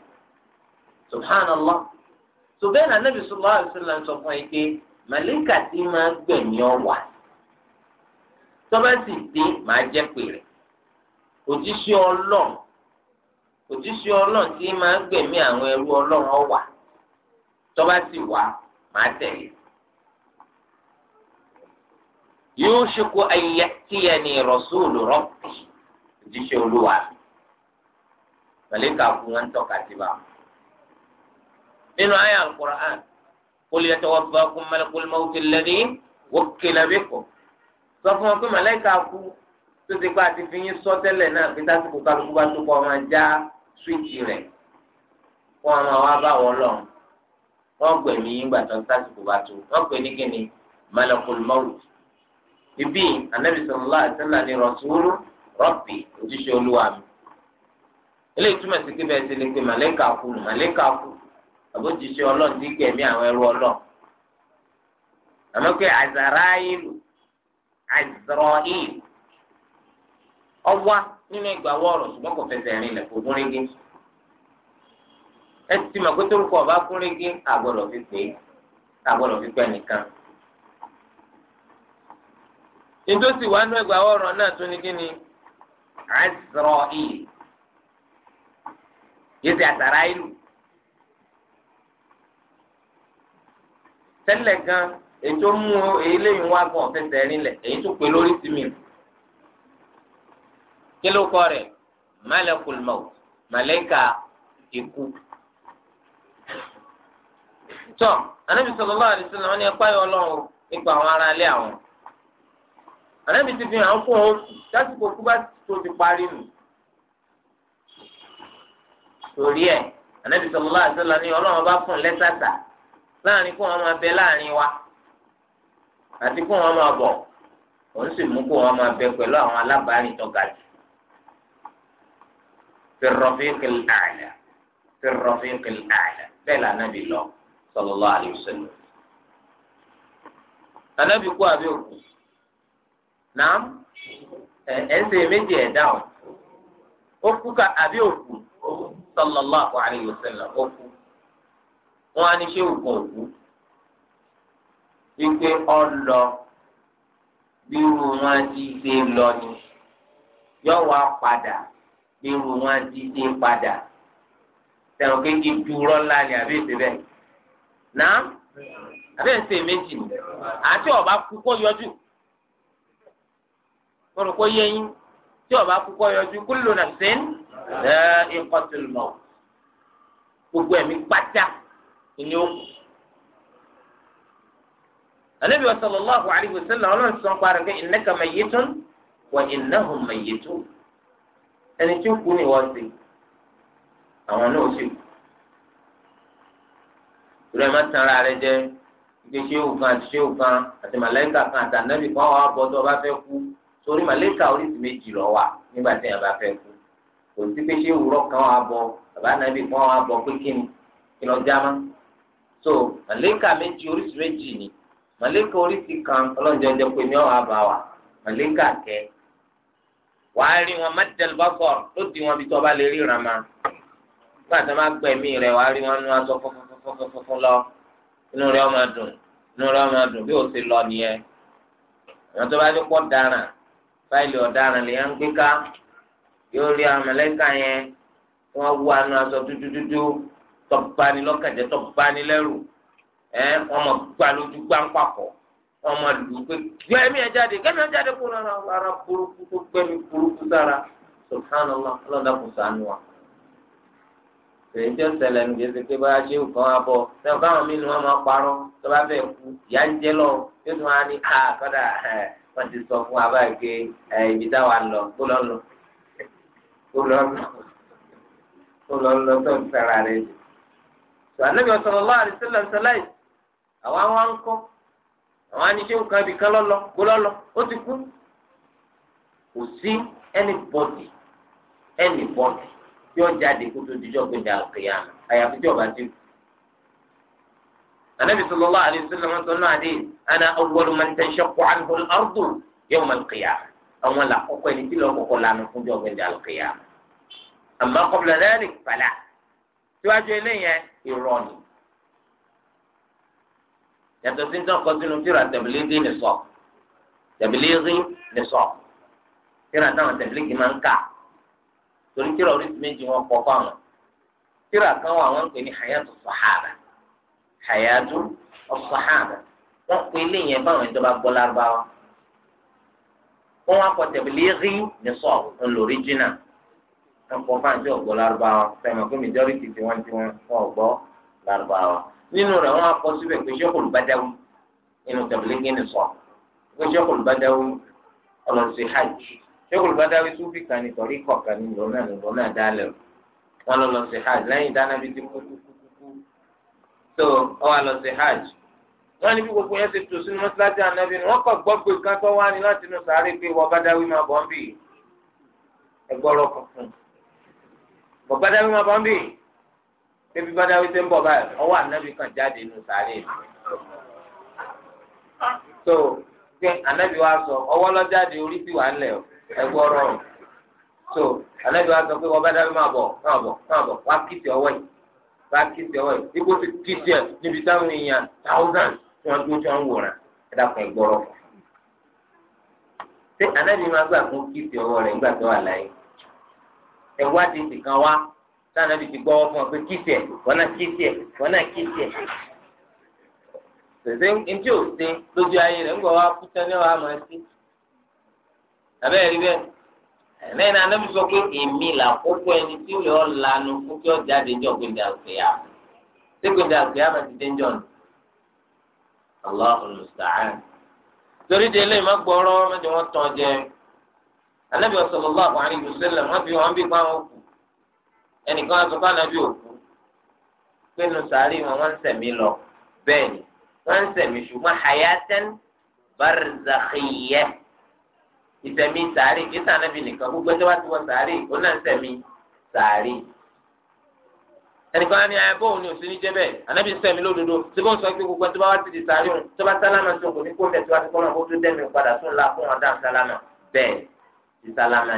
subhanallah ṣùgbọ́n náà nàbì sallallahu alaihi wasallam ń sọ fún ẹ pé màlíkà tí máa gbẹ̀mí ọ̀wà tọ́ba sì dé màá jẹ́ pèrè òjíṣẹ́ ọlọ́run òjíṣẹ́ ọlọ́run tí máa ń gbẹ̀mí àwọn ẹrú ọlọ́run ọ̀wà tọ́ba sì wà máa tẹ̀lé. yóò ṣekú ayé tíyẹ ní rọ̀ṣúlù rọ́pì òjíṣẹ́ olúwa màlíkà fún wọn tọ́ka sí wa. nínú ayé al-Qur'an qul yatawaffakum malakul mawti alladhi wukkila bikum sọ fún wọn pé màlíkà kú tó ti pa àti fi yín sọ tẹ́lẹ̀ náà fi tásìkò kálukú bá tó kọ́ ọ máa já. swíìtì rẹ̀ wọn máa wá bá wọn lọ wọn gbẹ̀mí ìgbà tó ń sásìkò bá tó wọn ní kíni malakul maut ibi anabi sallallahu alaihi wasallam ni rasulu ojúṣe olúwa mi eléyìí túmọ̀ sí pé bẹ́ẹ̀ ti lè pe màlẹ́kà kú màlẹ́kà nínú ìgbà wọ́ọ̀rọ̀ ṣùgbọ́n kò fẹsẹ̀ rìn lẹ̀ kó gúnrégé ẹ ti mọ̀ pé torúkọ ọba gúnrégé àgbọ̀dọ̀ fi pè é àgbọ̀dọ̀ fi pẹ́ nìkan. nítòsí wàá nú ìgbà wọ́ọ̀rọ̀ náà tún ní kí ni àìsàn ìyè yìí ti àtàrà ìlú. tẹ́lẹ̀ gan èyí mú eléyìí wá gan ọ̀fẹ́sẹ̀ rìn lẹ̀ èyí tó pè lórí sí mi kílò kọ rẹ̀ malakul maut màlẹ́kà ikú. tọ́ anábì sallallahu alaihi wasallam ní ẹ̀pá yọ ọlọ́run nípa àwọn ará ilé àwọn. anábì ti fi hàn fún òun lásìkò kú bá tó ti parí nù. torí ẹ̀ anábì sallallahu alaihi wasallam ní ọlọ́run bá fún lẹ́sàtà láàrin kó wọn máa bẹ láàrin wa àti kó wọn máa bọ̀ òun sì mú kó wọn máa bẹ pẹ̀lú àwọn alábàárìn tó ga jù. في الرفيق الأعلى في الرفيق الأعلى بلا نبي الله صلى الله عليه وسلم النبي قوى بيوكو نعم أنت مجي داون أفكك أبيوكو صلى الله عليه وسلم أفكو وأنا شيء أفكو wípé ọlọ bírú wọn ti ṣe lọ ni yọ wá padà irú wọn dídé padà tẹ̀wọ̀n kéèké dúró ńlá ni àbí èsè náà àbí èsè méjì ni àti ọba kú kó yọjú kóró kó yẹ yín tí ọba kú kó yọjú kullu nafsin dha'iqatul maut gbogbo ẹ̀mí pátá sallallahu Ọlọ́run sọ ń parí ẹni tí ó kú ni wọ́n ti àwọn náà sì kú ìrẹ́ má tan ara rẹ jẹ ike ṣé òkan àti ṣé òkan àti màlẹ́kà kan àti ànábì kan wà bọ́ tó o bá fẹ́ kú torí màlẹ́kà oríṣi méjì lọ wà nígbà tí yẹn bá fẹ́ kú kò sí pé ṣé òwúrọ̀ kan wà bọ́ bàbá ànábì kan wà bọ́ pé kí ni kí lọ já má so màlẹ́kà méjì oríṣi méjì ni màlẹ́kà oríṣi kan ọlọ́njọ́ jẹ pé mi ọ̀ wà bá wà màlẹ́kà kẹ́ẹ́ wàá rí wọn mẹ́tẹ̀lì bọ́kọ̀ ló di wọn bí tó bá lè ríran ma nígbà tó má gbẹ̀mí rẹ̀ wàá rí wọn nú aṣọ fúnfúnfúnfún lọ inú rẹ̀ ọmọ dùn inú rẹ̀ ọmọ dùn bí ó ti lọ nìyẹn àwọn tó bá dé pọ̀ dáràn fáìlì ọ̀daràn lè ń gbé ká yóò rí àmọ̀lẹ́kà yẹn wọ́n wú anú aṣọ dúdúdúdú tọ́ba ni lọ́kàjẹ́ tọ́ba ni lẹ́rù ẹ̀ wọ́n mọ̀ gbà ọmọ lù ú pé gbẹmí ẹ jáde gbẹmí ẹ jáde kó rárá rárá burúkú tó gbẹmí burúkú sára subhanallah ọlọ́dà kò sànù wa. èyí tó ṣẹlẹ̀ ní gbèsè pé báyà ṣé nǹkan wá bọ̀ ṣé nǹkan àwọn mínú wọn máa parọ́ tó bá fẹ́ kú ìyá ń jẹ́ lọ yóò tún wá ní àkọ́dà wọ́n ti sọ fún wa báyìí pé ibi táwa lọ lọ kó lọ lọ kó lọ lọ tó ń fẹ́ra rẹ̀ jù. sọ ànábì sallallahu alaihi wasallam àwọn àwọn ń kọ́ àwọn aníṣẹ́ nǹkan ibì kan lọ́lọ́ kó lọ́lọ́ ó ti kú kò sí anybody anybody tí ó jáde kó tó dijọ́ pé dà kéèyà àyàfi tí ọba ti kú. النبي صلى الله عليه وسلم قال حديث انا اول من تنشق عنه الارض يوم القيامه àwọn la kọ́kọ́ ẹni tí lọ kọ́kọ́ lanu fún jọ gbẹdẹ àlùkìyà àmọ́ kọbìlà lẹni fàlà síwájú eléyẹn irọ́ ni yàtọ̀ sí nítorí kọ́ sínú tíra tẹ̀bílígì ní sọ tẹ̀bílígì ní sọ tíra táwọn tẹ̀bílígì máa ń kà torí tíra oríṣi méjì wọn kọ fáwọn tíra kan wà wọn ń pè ní hayatu sahaba hayatu sahaba wọn pè léyìn báwọn ìjọba gbọ́ lárúbáwá wọn wá kọ tẹ̀bílígì ní sọ ńlọrìjìnà wọn kọ fáwọn tí wọn gbọ́ lárúbáwá sẹ́mi ọ̀gbọ́n majority tí wọ́n ti wọn gbọ́ lárúbáwá nínú rẹ̀ wọ́n akọ síbẹ̀ pé sẹ́kùn bàdáwù nínú tẹ̀bílẹ́gì ni sọ pé sẹ́kùn bàdáwù ọlọ́sẹ̀ hajj sẹ́kùn bàdáwù sufi kan ní torí kọ̀ọ̀kan ní lọ́nà ní lọ́nà dálẹ̀ wọn lọ lọ sí hajj lẹ́yìn dáná bíi ti kúkúkú tó ọ wà lọ sí hajj wọn níbi gbogbo yẹn ti tò sínú mọ́sálásí ànábì ni wọ́n kọ̀ gbọ́ pé kan tó wá ní láti inú sàárè pé wọ́n bàdáwì máa bọ́ ń bì ẹgbọ́rọ̀ kankan wọ́n bàdáwì máa bọ́ ń bì ebi bá dáwé tẹ́ ń bọ̀ báyìí ọwọ́ ànábì kan jáde nù sáré mi. so pé ànábì wa sọ ọwọ́ lọ́jáde orí sì wà ńlẹ̀ so ànábì wa sọ pé wọ́n dáwé máa bọ̀ máa bọ̀ máa bọ̀ wá kìtì ọwọ́ yìí wá kìtì ọwọ́ yìí ipò ti kìtì ẹ̀ níbi táwọn èèyàn thousand tí wọ́n dúró tí wọ́n ń wòran táwọn ẹbí ti gbọ́ ọ fún ọ pé kíìsì ẹ̀ wọ́n náà kíìsì ẹ̀ wọ́n náà kíìsì ẹ̀. Tẹ̀sẹ̀ ntí ò sí lójú ayé rẹ̀ ńgbọ̀ wá kú tán ní wàá máa sí. Àbẹ́ rí bẹ́ẹ̀. Lẹ́yìn anábì sọ pé èmi làkókò ẹni tí ó lè ọ lanu fún kí ọ jáde jọ gbèdà òkèèyà. Ṣé gbèdà òkèèyà máa ti dé jọ nù? Allahul musta'an. Torí de ilé ìmọ̀ gbọ́rọ́ mẹ́jọ wọn tán jẹ. Anábì sallallahu ẹnìkan á sọ fún anabi òkú pé nu sàárì wọn wọ́n ń sẹ̀mí lọ bẹ́ẹ̀ ni wọ́n ń sẹ̀mí ṣùgbọ́n hayatan barzakhiyya ìsẹ̀mí sàárì ìsẹ̀ anabi nìkan gbogbo ẹjọ́ bá ti wọ sàárì ó náà ń sẹ̀mí sàárì ẹnìkan á ní ayé bóun ni òsì ní jẹ́ bẹ́ẹ̀ anabi ń sẹ̀mí lódodo tí bó ń sọ pé gbogbo ẹjọ́ bá wá ti di sàárì òun tó bá sálámà sí òkú ní kó tẹ̀síwájú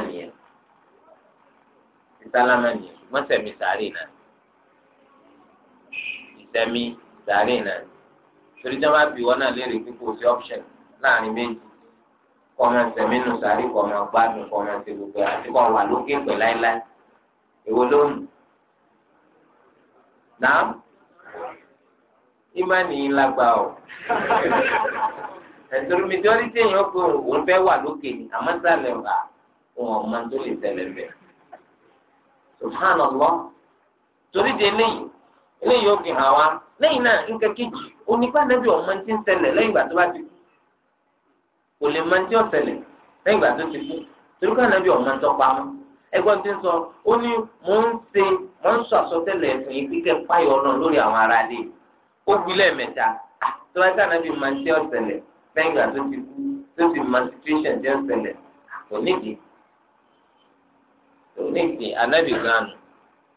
kọ́ sísálámà ni wọ́n sẹ̀mí sàárè náà ìsẹ̀mí sàárè náà torí jẹ́ máa bí wọn náà léèrè pípò sí option láàrin méjì kọ́ máa sẹ̀mí nù sàárè kọ́ máa gbádùn kọ́ máa ṣe gbogbo àti kọ́ wà lókè pẹ̀ láéláé èwo ló ń náà ìmánì yín lágbá o ẹ̀sùn mi tí wọ́n ti ṣèyàn pé òun fẹ́ wà lókè ní àmọ́ sálẹ̀ wà òun ọ̀mọ́ tó lè ṣẹlẹ̀ bẹ́ẹ̀. subhanallah torí de eléyìí eléyìí ó fi hàn wá lẹ́yìn náà nǹkan kejì onípa nàbí ọmọ ti ń ṣẹlẹ̀ lẹ́yìn ìgbà tó bá ti kú kò lè mọ ti ìgbà tó ti kú torí ká nàbí ọmọ tó pamọ́ ẹ̀gbọ́n ti ń sọ ó ní mò ń ṣe mò ń sọ yìí kíkẹ páyọ náà lórí àwọn ará ilé ó onígbìn anábì ganu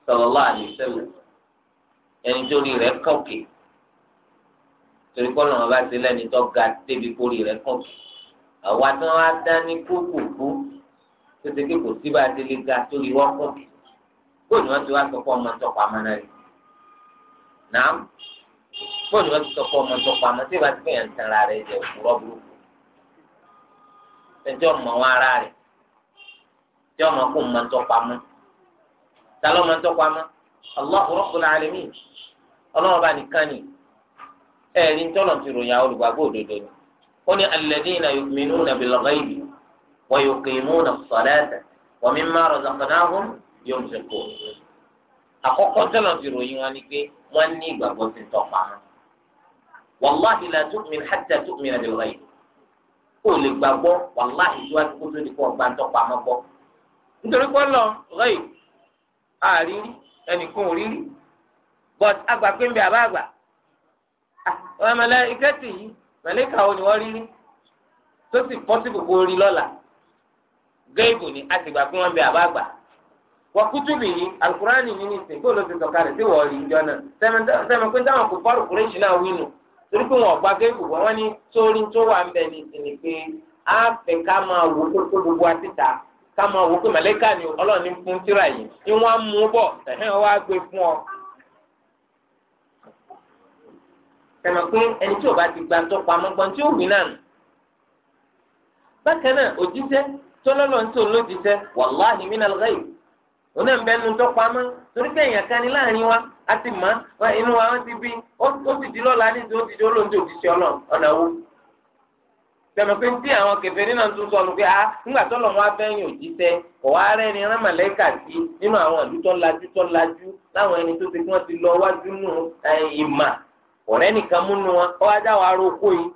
sallallahu alaihi wasallam ẹni tó rí rẹ̀ kọkè torí kọ́ lọ́wọ́ bá ti lẹ́ni tó ga débi kó rí rẹ̀ kọkè àwa tí wọ́n á dání kúkúkú tó ti kò sí ti lè ga tó rí wọ́n kọkè kó ni wọ́n ti wá sọ fún ọmọ tó pamọ́ náà rí nàá kó ni wọ́n ti sọ fún ọmọ tó pamọ́ tí ìbá ti fẹ̀yàn tẹ̀ ara rẹ̀ jẹ̀ òkúrọ́ burúkú ẹjọ́ mọ̀ wọn ara rẹ̀ tí ọmọ kò mọ ntọ́pamọ́ ta ló mọ ntọ́pamọ́ Allahu Rabbul Alamin ọlọ́wọ́ bá nìkan ni ẹ̀rí ntọ́lọ̀ ti ròyìn àwọn olùgbàgbọ́ òdodo ni ó ní alladhina yu'minuna bil ghaibi wa yuqimuna as-salata wa mimma razaqnahum yunfiqun àkọ́kọ́ tọ́lọ̀ ti ròyìn wọn ni pé wọ́n ní ìgbàgbọ́ ti tọ́pamọ́ wàláhi la tu'min hatta tu'mina bil ghaib kó o lè gbàgbọ́ wàláhi tí wàá kó tó di kó o gbà ń tọ́pamọ́ nítorí pé lọ rẹ́yì àrírí ẹnìkan ò rírí but àgbà pé ń bẹ àbá àgbà àwọn mẹlẹ ìkẹtì yìí mẹlẹka ò ní wọ́n rírí tó sì pọ́sibù kó rí lọ́la géèbù ni àtìgbà pé wọ́n ń bẹ àbá àgbà wàkútùbì yìí alukurani yìí ní sèkó ló ti sọ̀ka rẹ̀ sí wọ́ọ̀lì ìjọ náà sẹ́mi pé táwọn kò fọ́ọ̀rù kúrẹ́ṣì náà wí nù torí pé wọn ọ̀gbá géèbù wọn ní sórí tó wà ń bẹ ní ìsìn pé á fẹ́ ká máa wò kó gbogbo àtìta ká máa wò pé màlẹ́kà ni tíra yi ni wọn mú bọ̀ ẹ̀hẹ́n gbé fún ọ. tẹ̀mọ̀ pé ẹni tí o bá ti gba tó tí o wì náà nù. bákan náà òjíṣẹ́ tọ́lọ́lọ́ ń tó lójíṣẹ́ wàláhì òun náà ń nu wa a ti inú wa ti bí ó di ní ti ó ti di tẹmọ pé tí àwọn kẹfẹ nínú tó sọnù pé a ah, ńgbà tó lọ́wọ́ abẹ́yìn òjíṣẹ́ kò wá rẹ́ ni rán màlẹ́kà sí nínú àwọn ìlú tó lajú tó lajú láwọn ẹni tó ti kí wọ́n ti lọ wájú nù eh, ìmà ọ̀rẹ́ nìkan múnú wọn kọ́ wájà wà rókó yìí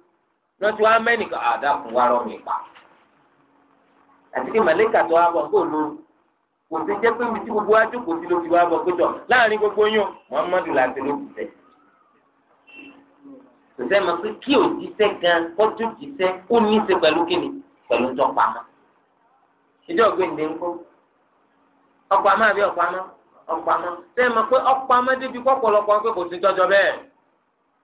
wọ́n ti wá mẹ́nìkan àdàkùn ah, wá rọ́ mi pa. àti kí màlẹ́kà tó wá bọ̀ kó ló kò sí jẹ́ pé ibi tí gbogbo wájú kò sí ló ti wá bọ̀ pé tọ̀ láàrin gbogbo yín Muhammadu làǹtẹ̀ ló kù sẹ́yìn tòtẹ́ mọ̀ pé kí òjíṣẹ́ gan kọ́jú jíṣẹ́ ó ní í ṣe pẹ̀lú kíni pẹ̀lú ń tọ́pa mọ́. ìdí ọ̀gbìnde ń kó ọ̀pọ̀ àmọ́ àbí ọ̀pọ̀ àmọ́ ọ̀pọ̀ àmọ́ tẹ́ mọ̀ pé ọ̀pọ̀ àmọ́ débi kọ́pọ̀lọpọ̀ pé kò sí tọ́jọ́ bẹ́ẹ̀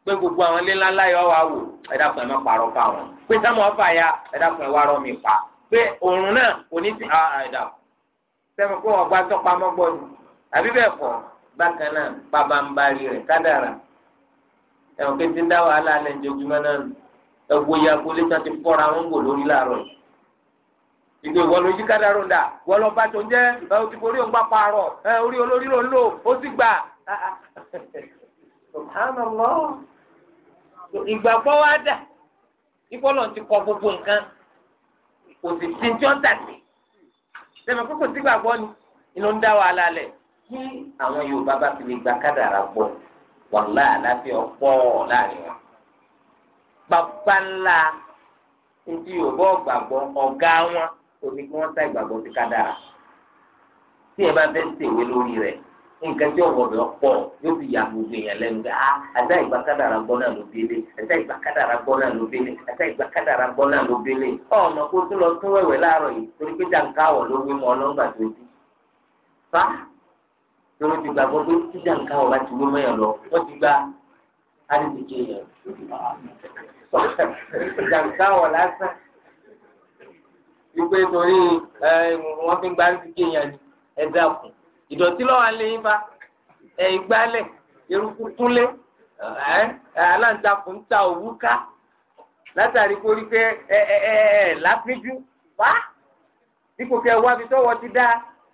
pé gbogbo àwọn ilé ńlá láyọ̀ wá wò ẹ̀dá pẹ̀lú ẹ̀mọ́ parọ́ fà wọn pé sámọ̀ ọ̀fà ya ẹ̀dá pẹ̀lú wá rọ́ mi pa pé òòrùn náà kò ní ti ẹ̀dá tẹ́ mọ̀ pé ọ̀gbà tọ́pamọ́ gbọ́dọ̀ àbí bẹ́ẹ̀ kọ́ bákan náà pàbàmbarì rẹ̀ kádàrà ẹ̀wọ̀n pé ti ń dá wàhálà alẹ́ ìjọba náà ẹ̀wọ̀ ya kó lè ta ti fọ́ra wọn wò lórí làárọ̀ ìgbè wọn ló yí kádàrú dà wọn lọ bá tó ń jẹ ẹ o ti forí òun gbà pààrọ̀ ẹ orí olórí ló ń lò ó sì gbà. ìgbàgbọ́ wa dà ìfọlọ́ ti kọ gbogbo nǹkan kò sì ti jọ́ tàbí sẹ́mi kókò sígbàgbọ́ ni inú ń dá wàhálà lẹ̀ kí àwọn Yorùbá bá fi lè gba kádàrá gbọ́ wàhálà àláfíà ọ̀pọ̀ láàrin wọn. bàbá ńlá ntí yorùbá ọgbàgbọ́ ọ̀gá wọn òní kí wọ́n sá ìgbàgbọ́ sí kádàrà. tí ẹ bá fẹ́ ṣèwé lórí rẹ̀ nǹkan tí ọ̀rọ̀ rẹ̀ pọ̀ yóò fi yà gbogbo èèyàn lẹ́nu pé ah àtà ìgbà kádàrà gbọ́ náà ló délé àtà ìgbà kádàrà gbọ́ náà ló délé àtà ìgbà kádàrà gbọ́ náà ló délé ọ̀nà kó tún lọ tún wẹ̀wẹ̀ láàárọ̀ yìí torí pé jàǹkáwọ̀ ló wí mọ́ ọlọ́ngbà tó dé. fa lórí ti gbàgbọ́ pé tíjà ń káwọ́ láti wí mẹ́yàn lọ wọ́n ti gba adébíyẹ yẹn. tíjà ń káwọ́ lásán wípé torí wọ́n fi gba adébíyẹ yẹn ni ẹ dákun ìdọ̀tí lọ́wọ́ alẹ́ yín bá ẹ̀ ìgbálẹ̀ eruku túnlé aláǹtakùn ń ta òwú ká látàrí kó rí pé ẹ ẹ ẹ lápíjú wá dípò kẹ wá bí tọwọ́ ti dáa.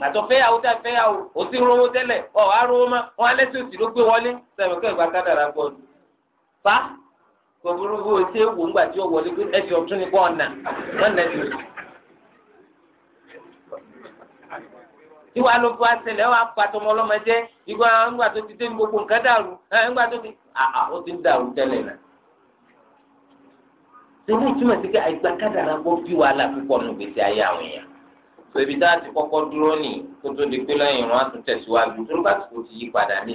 gbàtọ fẹyàwó tá fẹyàwó ó ti rówó tẹ́lẹ̀ ọ wá rówó mọ wọn alẹ tí o sì ló gbé wọlé sẹmi kọ ìgbà kádàrà gbọ ọdún fa gbogbo bó o ṣe wò ńgbà tí o wọlé pé ẹsẹ ọtún ni kò ọ̀nà wọn nà ẹsẹ tí wàá ló bu àṣẹlẹ wàá pa tọmọ ọlọmọ jẹ ìgbà ńgbà tó ti dé gbogbo nǹkan dàrú ńgbà tó ti àà ó ti ń dàrú tẹ́lẹ̀ náà sẹ́yìn túmọ̀ sí pé àìgbà kádàrà gbọ́ bí wàhálà sọ̀bi tá a ti kọ́kọ́ dúró nì kó tó di pé lẹ́yìn irun á tún tẹ̀síwájú tó bá ti kó ti yí padà ní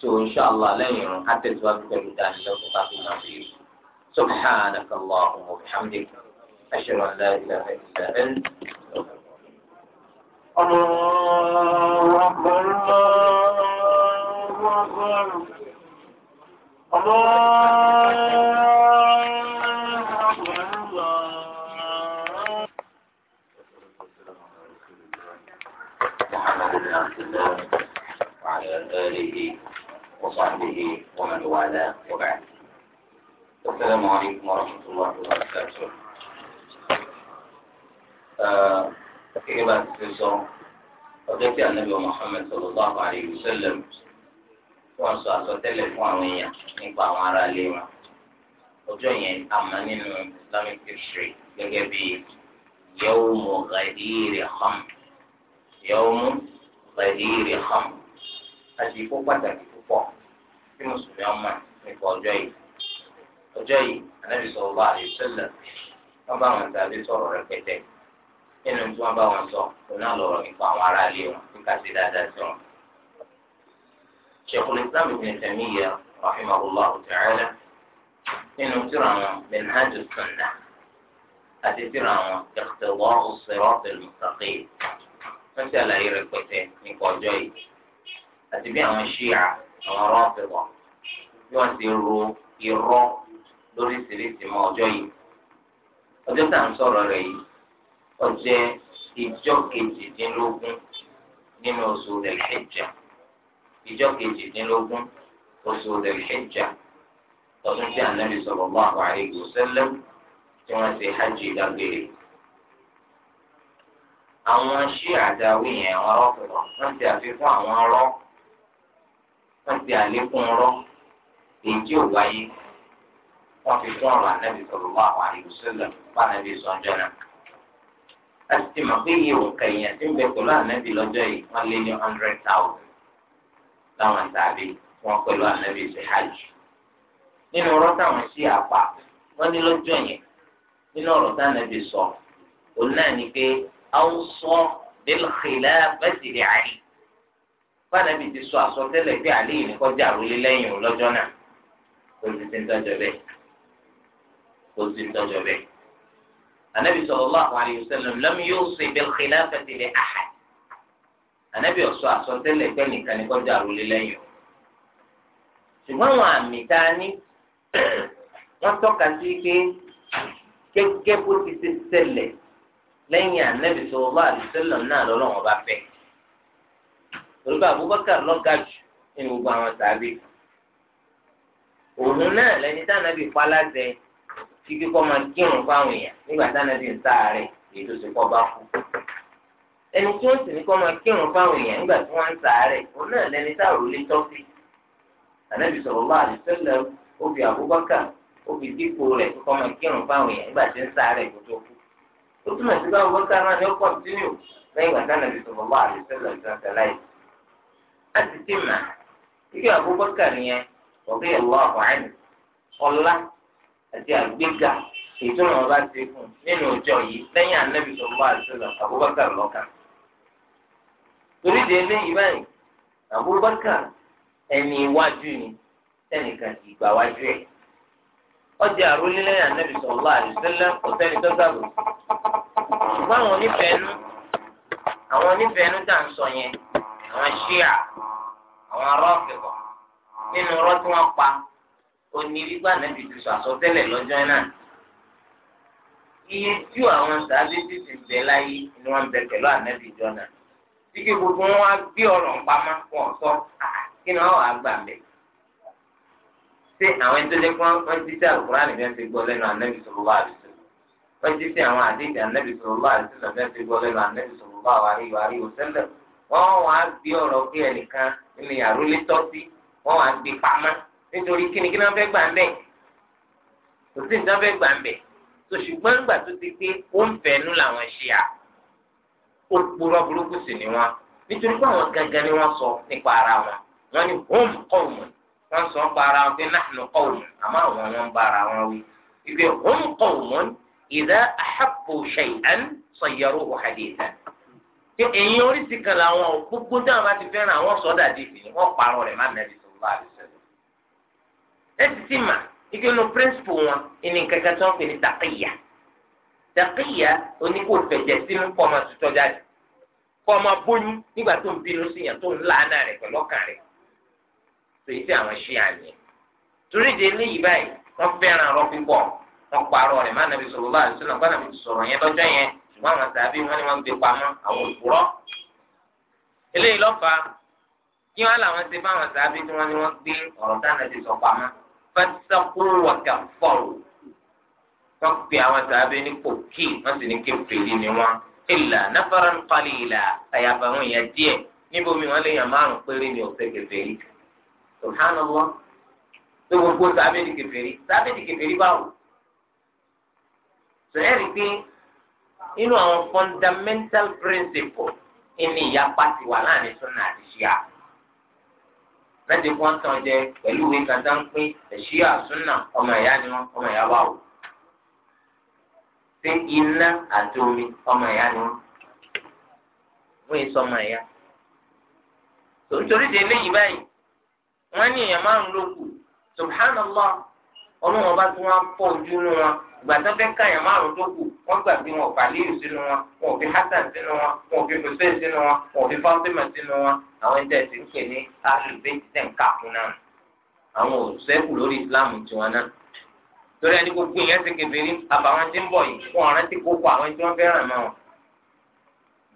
so inshallah lẹ́yìn irun á pẹ̀lú ìdánilẹ́kọ̀ọ́ bá fi máa fi subhanaka allahumma wa bihamdika ashhadu an la ilaha illa anta الله أكبر الله أكبر الله وآله وصحبه ومن والاه وبعد السلام عليكم ورحمة الله وبركاته gẹ́gẹ́ bá ti sọ ọjọ́ tí anabi Muhammad sallallahu alayhi wa sallam wọ́n sọ àsọtẹ́lẹ̀ fún àwọn èèyàn nípa àwọn ará ilé wọn ọjọ́ yẹn a mọ̀ nínú Islamic history gẹ́gẹ́ bí yawmu ghadiri kham yawmu ghadiri kham. a àṣìkò pàtàkì púpọ̀ tí mùsùlùmí ọmọ nípa ọjọ́ yìí ọjọ́ yìí ànábì sọ̀rọ̀ bá àlè sẹ́lẹ̀ wọ́n bá wọn tàbí sọ̀rọ̀ rẹpẹtẹ nínú tí wọ́n bá wọn sọ kò náà lọ̀rọ̀ nípa àwọn ará ilé wọn kà sí dáadáa sí wọn. ṣèkùnrin Sheikhul Islam Ibn Taymiyyah rahimahullah ta'ala nínú tíra wọn Minhaj as-Sunnah àti tíra wọn Iqtida'u as-Sirat al-Mustaqim wọ́n ti àlàyé rẹpẹtẹ nípa ọjọ́ yìí. àti bí àwọn ṣíà àwọn ọ̀rọ̀ ọ̀fẹ́ wọn bí wọ́n ti ro irọ́ lóríṣiríṣi mọ́ ọjọ́ yìí ọjọ́ tá à ń sọ̀rọ̀ rẹ̀ yìí ọjọ́ ìjọ kejìdínlógún nínú oṣù rẹ̀ hijja ìjọ kejìdínlógún oṣù rẹ̀ hijja tọdún tí ànábì sallallahu alaihi wasallam tí wọ́n ti hajj dágbére àwọn ṣíà àdáwì yẹn àwọn ọ̀rọ̀ wọn ti àfikún àwọn ọ̀rọ̀ wọ́n ti àlékún ọ̀rọ̀ èyí tí ò wáyé wọ́n fi tún ọ̀rọ̀ ànábì sọ̀rọ̀ wá àwọn àlùsílẹ̀ fún ànábì sọ̀jọ́ náà. a sì ti mọ̀ pé iye òǹkà èèyàn tí ń bẹ pẹ̀lú ànábì lọ́jọ́ yìí wọ́n lé ní hundred thousand láwọn tàbí wọn pẹ̀lú ànábì sí hajj. nínú ọ̀rọ̀ táwọn sí àpá wọ́n ní lọ́jọ́ yẹn nínú ọ̀rọ̀ táwọn sọ òun náà ni pé àwùsọ bẹ́ẹ̀ fanabi ti sọ àsọtẹ́lẹ̀ pé àlẹ yìí ni kọjá àròlé lẹ́yìn lọ́jọ́ náà kò sì ti ń tọjọ bẹ́ẹ̀ kò sì ń tọjọ bẹ́ẹ̀ anabi sallallahu alayhi wa sallam lam yusi bil khilafati li ahad anabi ọsọ àsọtẹ́lẹ̀ pé nìkan ni kọjá àròlé lẹ́yìn o ṣùgbọ́n àwọn àmì tá a ní sí pé gẹ́gẹ́ bó ti ti ṣẹlẹ̀ lẹ́yìn anabi sallallahu alayhi wa náà lọ́lọ́wọ́n bá fẹ́ẹ́ torí pé Abubakar lọ́gà jù nínú gbogbo àwọn sàbí òun náà lẹni tánàbì paláṣẹ kí kíkọ́ máa kírun fáwọn èèyàn nígbà tánàbì ń sáàárẹ̀ èyí tó ti kọ́ bá kú ẹni tí ó sì ní kọ́ máa kírun fáwọn èèyàn nígbà tí wọ́n ń sáàárẹ̀ òun náà lẹni táàrò lé tọ́sí ànábì sallallahu alaihi wasallam ó fi Abubakar ó fi dípò rẹ̀ kíkọ́ máa kírun fáwọn èèyàn nígbà tí ń sáàárẹ̀ kó tó kú ó túmọ̀ sí bá Abubakar náà ni ó kọ̀ntínú lẹ́yìn ìgbà tánàbì sallallahu alaihi wasallam láti ti mà ibi Abubakar yẹn ọ̀bí ẹ̀wọ́ àbọ̀hánì ọlá àti àgbéga ètò ìrànwọ́ bá ti fún nínú ọjọ́ yìí lẹ́yìn tó bá Abubakar lọ́kàn. torí de eléyìí Abubakar ẹni iwájú ni ẹnìkan kì gbà wájú ẹ̀ ọjà àrólé tó bá tó àwọn àwọn ṣíà àwọn arọ́ọ̀kẹ̀kọ̀ nínú ọ̀rọ̀ tí wọ́n pa òní wípé ànábì ti sọ àsọtẹ́lẹ̀ lọ́jọ́ náà iye tí àwọn sàbí ti ti bẹ láyé ni wọ́n bẹ pẹ̀lú ànábì jọ náà títí gbogbo wọn á gbé ọ̀rọ̀ pamọ́ wọn sọ ah, kí ni wọ́n wàá gbà mẹ́ ṣé àwọn ẹni tó jẹ́ pé wọ́n ti tẹ àlùkùrá nìkan ti gbọ́ lẹ́nu ànábì sọ̀rọ̀ wá àdìsọ wọ́n ti tẹ àwọn àdéhùn ànábì sọ̀rọ̀ wá àdìsọ náà fẹ́ẹ́ ti gbọ́ lẹ́nu wọ́n wá gbé ọ̀rọ̀ pé ẹnìkan ní àrólé tọ́sí wọ́n wá gbé pamọ́ nítorí kíni kí náà fẹ́ gbà ń bẹ̀ kò sí nǹkan fẹ́ gbà ń bẹ̀ tó ṣùgbọ́n nígbà tó ti pé ó ń fẹ̀ẹ́nu làwọn ṣe à ó purọ́ burúkú sí ni wọn nítorí pé àwọn gangan ni wọ́n sọ nípa ara wọn wọ́n ní home kọ́ọ̀mù wọ́n sọ nípa ara wọn pé náà kọ́ọ̀mù àmọ́ àwọn wọn bá ara wọn wí ìgbé home kọ́ọ̀mù ìdá àhàpọ̀ ṣẹ̀yìn sọ̀yẹ̀rọ̀ òhàdìyàn pé èyí oríṣi kan làwọn ò gbogbo dáhùn bá ti fẹ́ràn àwọn sọ́dà di ìfìyìn wọ́n parọ́ rẹ̀ má nàbí tó bá rí sẹ́lẹ̀. ẹ ti ti mà ike nu píríncípù wọn ìní kankan tí wọ́n pè ní dàkìyà dàkìyà oníkó fẹ̀jẹ̀ sínú kọ́ ọmọ tutọ́ jáde kọ́ ọmọ bóyún nígbà tó ń bínú sí yàn tó ń làánà rẹ̀ pẹ̀lú ọkàn rẹ̀ tó yí sí àwọn ṣí àmì ẹ̀ torí de ilé yìí báyìí wọ́n fẹ́ràn rọ́ pípọ̀ wọ́n parọ́ rẹ̀ má nàbí sọ̀rọ̀ bá wọn àwọn tàbí wọn ni wọn gbé pamọ́ àwọn òpùrọ́ eléyìí lọ́fà kí wọn làwọn ṣe bá àwọn tàbí tí wọn ni wọn gbé ọ̀rọ̀ dáná ti sọ pamọ́ fẹsẹkúrò wọkẹ fọrọ wọn pe àwọn tàbí ní pòkì wọn sì ní kékeré ni wọn ìlà náfàrà ń palẹ ìlà àyàfà wọn yẹn díẹ̀ níbo mi wọn lè yàn márùn péré ni ọsẹ kèfèrí subhanallah tó gbogbo tàbí di kèfèrí tàbí di kèfèrí báwo sọ ẹ rí i pé. inú àwọn fundamental principle ìní ìyapa ti wà láàrin sunna àti ṣíà láti tán jẹ pẹ̀lú ìwé ń pín sunna ọmọ ìyá ni wọn ọmọ ìyá wà wò ṣé iná àti omi ọmọ ìyá ni yìí ìyá eléyìí báyìí ní èèyàn márùn ló subhanallah. ọlọ́run bá tún wá pọ̀ ojú inú wọn ìgbà tó fẹ́ káyàn márùn tó kù wọ́n gbà pé wọn ò fà líyù sínú wọn wọn ò fi hasan sínú wọn wọn ò fi hussein sínú wọn wọn ò fi fatima sínú wọn àwọn ẹ̀dá ẹ̀sìn ń pè ní alubẹ́tẹ̀ káàkùn náà àwọn òṣèkù lórí islam tiwọn náà torí ẹni gbogbo ìyẹn ti kébèrè àbàwọn tí ń bọ̀ yìí wọn rántí kókó àwọn tí wọ́n fẹ́ràn mọ́ wọn.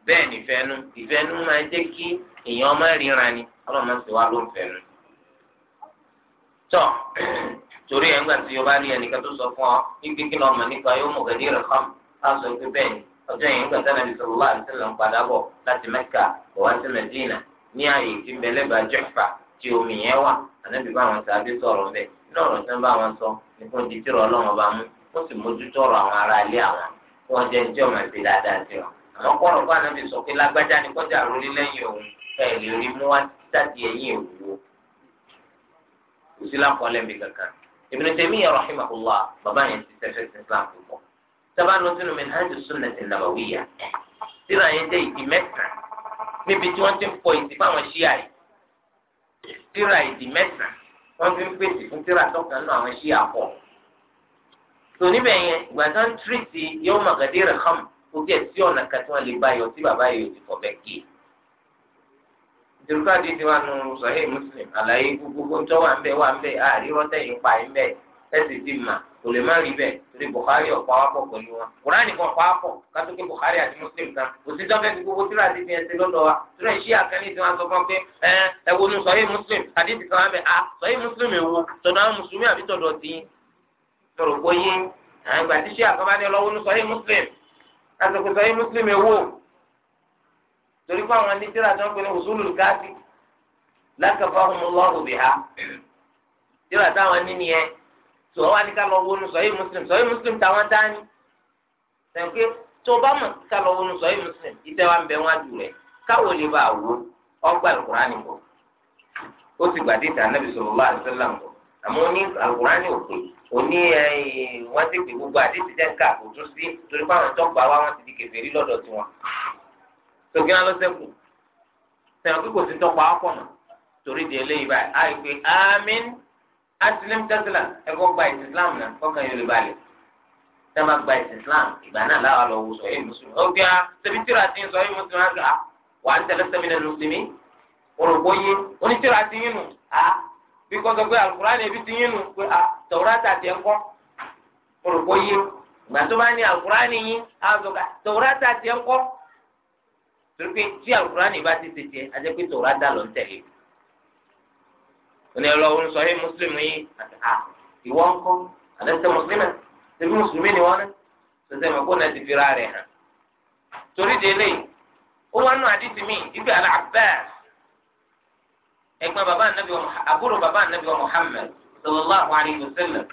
bẹ́ẹ̀ ni ìfẹ́nu ìfẹ́nu máa jẹ́ kí èèyàn máa ríran ni ọlọ́run máa ń sèwá ló ń fẹ́nu torí ẹ̀ ńgbà tí o bá rí ẹnìkan tó sọ fún ọ kíkíkí lọ́mọ nípa yóò mú gẹ̀dí rẹ̀ kàn á sọ bẹ́ẹ̀ ni ọjọ́ yẹn ńgbà tánà bíi sọ̀rọ̀ láti sílẹ̀ ń padà bọ̀ láti Mẹ́kà bọ̀ wá sí Mẹ́dínà ní ààyè tí ń bẹ lẹ́bàá Jẹ́fà tí omi yẹn wà ànábì bá wọn sàbí sọ̀rọ̀ bẹ́ẹ̀ iná ọ̀rọ̀ tí wọ́n bá wọn sọ nípa ti tìrọ̀ ọlọ́run bá mú ó sì mójútó ọ̀rọ̀ àwọn ará ilé àwọn kí wọ́n jẹ́ ní ọmọ Ibn Taymiyyah rahimahullah bàbá yẹn ti tẹ́fẹ́ sí islam púpọ̀ sábàánu sínú Minhaj as-Sunnah an-Nabawiyyah síra yẹn jẹ́ ìdí mẹ́ta níbi tí wọ́n ti ń pọ̀ ìdí fáwọn ṣíà yìí síra ìdí mẹ́ta wọ́n fi ń pèsè fún síra tọ́ka nínú àwọn ṣíà pọ̀ tò níbẹ̀ yẹn ìgbà tí tírìtì yawm Ghadir al-Khamr ó jẹ́ sí ọ̀nà kan lè bá yọ tí bàbá yìí ò ti fọ̀ bẹ́ẹ̀ kéè ìdúrúkọ àdìsí wa nù sọhí muslim àlàyé gbogbo tó wà ń bẹ wà ń bẹ àríwọ tẹyìn pa ẹ bẹ ẹsì ti mà kò lè má rí bẹ torí buhari ọ̀pọ̀ awapọ̀ pẹ̀lú wọn kùránì kan pa ápọ̀ kátó pé buhari àti muslim kan òsì tó fẹ́ fi gbogbo tíra àti fìyẹn ṣe lọ́dọ̀ wa tíra ìṣí àkànní tí wọ́n sọ fún pé ẹ ẹ wo nu sọhí muslim àdìsí kan wà bẹ ah sọhí muslim èwo tọ̀dọ̀ àwọn mùsùlùmí àbí tọ̀dọ̀ tí tọ̀rọ̀ torí pé àwọn anítìrà tó ń pè ní usulul káàdì lákàfà ọmọlọ́rù bì ha tíra táwọn níní yẹn tó wá ní ká lọ wọnú sọ̀yí muslim sọ̀yí muslim táwọn dání sẹ́ńpé tó bá mọ̀ ká lọ wọnú sọ̀yí muslim ìtẹ́wà ń bẹ wọn jù rẹ̀ káwọ lè bá wò ọgbà alukurani bọ̀ ó sì gbàdé ìtàn nàbì sallallahu alaihi wasallam bọ̀ àmọ́ ó ní alukurani òkè ó ní wọ́n ti pè gbogbo àdé ti dẹ́ka kò tún sí torí pé àwọn tó gbà ti di kèfèrí lọ́dọ̀ tiwọn tòkí wọn lọ sẹ́kù sẹ́wọ̀n kí kò sí tọ́pọ̀ akọ̀nà torí di eléyìí báyìí àìpé àmín asilim tẹ́sílà ẹ̀kọ́ gba ìsìn islam náà kọ́kàn yóò lè balẹ̀ sẹ́wọ̀n gba ìsìn islam ìgbà náà láwa lọ wò sọ yìí mùsùlùmí ó gbé sẹ́bi tíra ti ń sọ yìí mùsùlùmí àgbà wà á tẹ̀lé sẹ́mi nínú sinmi òrògbó yé onítíra ti yín nù á bí kò sọ pé alukur'an ebi ti yín nù pé a tọ̀wúrátà ti ẹ̀kọ́ òrògbó yé ìgbà tó bá ní alukur'an yín á sọ pé tọ̀wúrátà ti ẹ̀kọ́ torí pé tí àkùránì bá ti tètè ajẹ́ pé tòun á lọ tẹ̀lé òní ọlọ́wọ́ ń sọ yé mùsùlùmí yìí àti ìwọ ń àdẹ́sẹ̀ mùsùlùmí mùsùlùmí ni wọ́n ní tẹ̀sẹ̀ mọ̀ náà ti fi ra rẹ̀ hàn torí délé ó wá nù àdìsí mi ibi àlà ẹ̀gbọ́n bàbá wa àbúrò bàbá wa Muhammad sallallahu alayhi wa sallam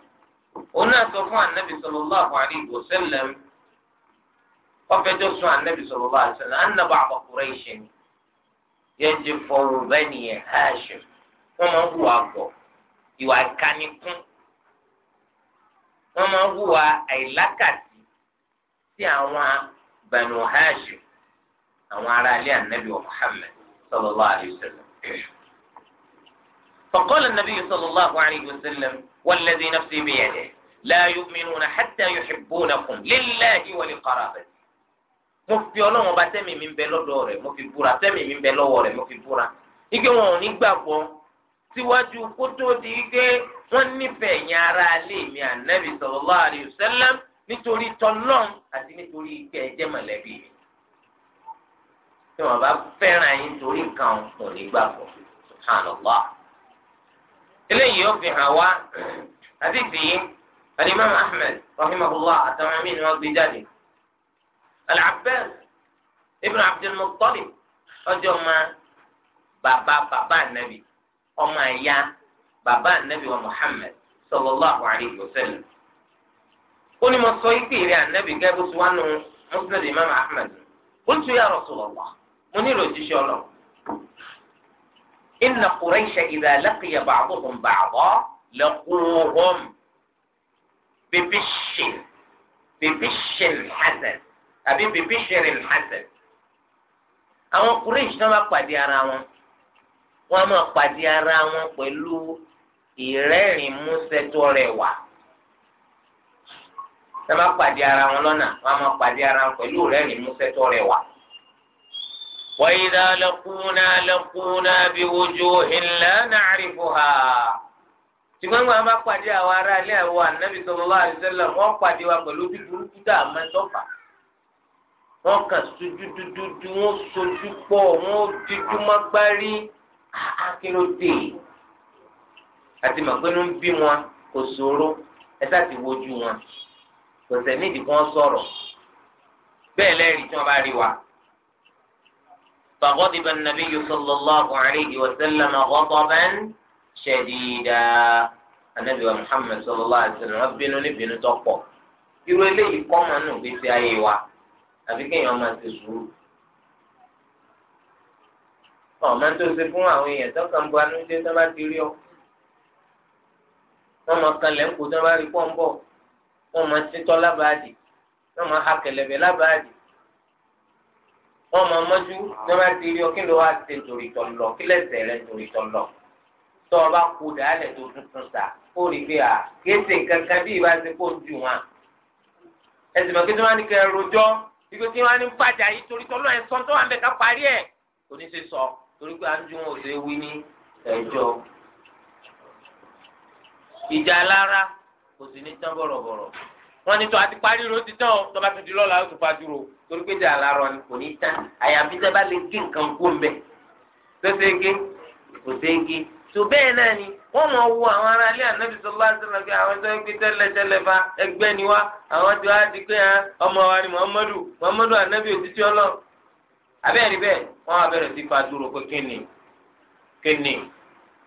òun náà sọ fún sallallahu وفجر سوى النبي صلى الله عليه وسلم أن بعض قريش يجف بني هاشم وما هو أبو يوكانكم وما هو أي لكاتي sí àwọn Banu Hashim àwọn ará ilé ànábì wa Muhammad sallallahu alayhi فقال النبي صلى الله عليه وسلم والذي نفسي بيده لا يؤمنون حتى يحبونكم لله ولقرابته mo fi ọlọ́run ọba mi lọ́wọ́ rẹ̀ mo fi búra ike wọn ò ní gbàgbọ́ síwájú ike wọn nífẹ̀ẹ́ yẹn ara alé mi ànábì sallallahu alayhi wa nítorí tọ́lọ́n àti nítorí ike ẹ̀jẹ̀ mọ̀lẹ́bí mi tí wọn bá fẹ́ràn yín torí kan ní gbàgbọ́ fi hàn wá àti ahmed Al-Abbas ibn Abdul Muttalib ọjọ́ ma bàbá bàbá ànábì ọmọ ẹ̀yà bàbá ànábì wa Muhammad sallallahu alayhi wa sallam. ó ní mo sọ ike ìrẹ́ ànábì gẹ́gẹ́ sí wánú Musnad Imam Ahmad qultu ya Rasulullah mo nílò jíṣẹ́ ọlọ́ inna Quraysha idha laqiya ba'duhum ba'dan laquhum bibishin bibishin hasan àbí bèbí ṣẹrin hasan àwọn kúrẹ́ẹ̀sì náà máa pàdé ara wọn wọ́n á máa pàdé ara wọn pẹ̀lú ìrẹ́rìn músẹ́ tó rẹwà wọ́n máa pàdé ara wọn lọ́nà wọ́n á máa pàdé ara wọn pẹ̀lú ìrẹ́rìn músẹ́ tó rẹwà. وإذا لقونا لقونا بوجوه لا نعرفها ṣùgbọ́n wọn bá pàdé àwọn ará ilé àwọn ànábì sallallahu alaihi wasallam wọ́n pàdé wa pẹ̀lú bí burúkú tá wọ́n kàn sojú dúdúdú wọ́n sojú pọ̀ wọ́n dídú má gbárí akéròdè àti màgbénu ń bí wọn kò ṣòro ẹsẹ àti wojú wọn kò sẹ́ni ìdí kan sọ̀rọ̀ bẹ́ẹ̀ lẹ́rìí tí wọ́n bá rí wa. فغضب النبي صلى الله عليه وسلم غضبا شديدا النبي محمد صلى الله عليه وسلم ربنا نبي نتقى يقول لي kọ́ mọ́ nù gbèsè àfi kéèyàn máa ti sùúrù ọ̀ máa ń tó ṣe fún àwọn èèyàn tó kàn ń bọ anújẹ tó bá ti rí ọ wọ́n máa kanlẹ̀ ń kó tó bá rí pọ̀ ń bọ̀ wọ́n máa títọ́ lábàádì wọ́n máa ha kẹlẹ̀bẹ̀ lábàádì wọ́n máa mọ́jú tó bá ti rí ọ kí ló wá ṣe torí tọ̀lọ̀ kí lẹ́sẹ̀ rẹ torí tọ̀lọ̀ tó o bá kú dàálẹ̀ tó tuntun sà ó rí pé à kéésì kankan bí ìbá ṣe kó ju wọn ẹ ìgbé kí wọn á ní bàjá yìí torí tọ́lọ́ ẹ̀ sọ́n tó wà ń bẹ ká parí ẹ̀ kò ní í ṣe sọ torí pé àjù wọn ò lè wí ní ẹjọ́ ìjà alára kò sì ní tán bọ̀rọ̀bọ̀rọ̀ wọn ní tó àti parí ro ti tán tọba tó di lọ́la ó tún fa dúró torí pé ìjà alára ni kò ní í tán àyàfi tẹ́ bá lè gé nǹkan kó ń bẹ̀ tó ṣe é gé kò ṣe é gé tó bẹ́ẹ̀ náà ni wọ́n mọ̀ wo àwọn ará ilé ànábì sọlá sọlá pé àwọn tó ń tẹ́lẹ̀tẹ́lẹ̀ bá ẹgbẹ́ ni wá àwọn tó á di pé ọmọ wa ni muhammadu muhammadu ànábì òtítí ọlọ́ abẹ́rẹ́ bẹ́ẹ̀ wọ́n á bẹ̀rẹ̀ sí pé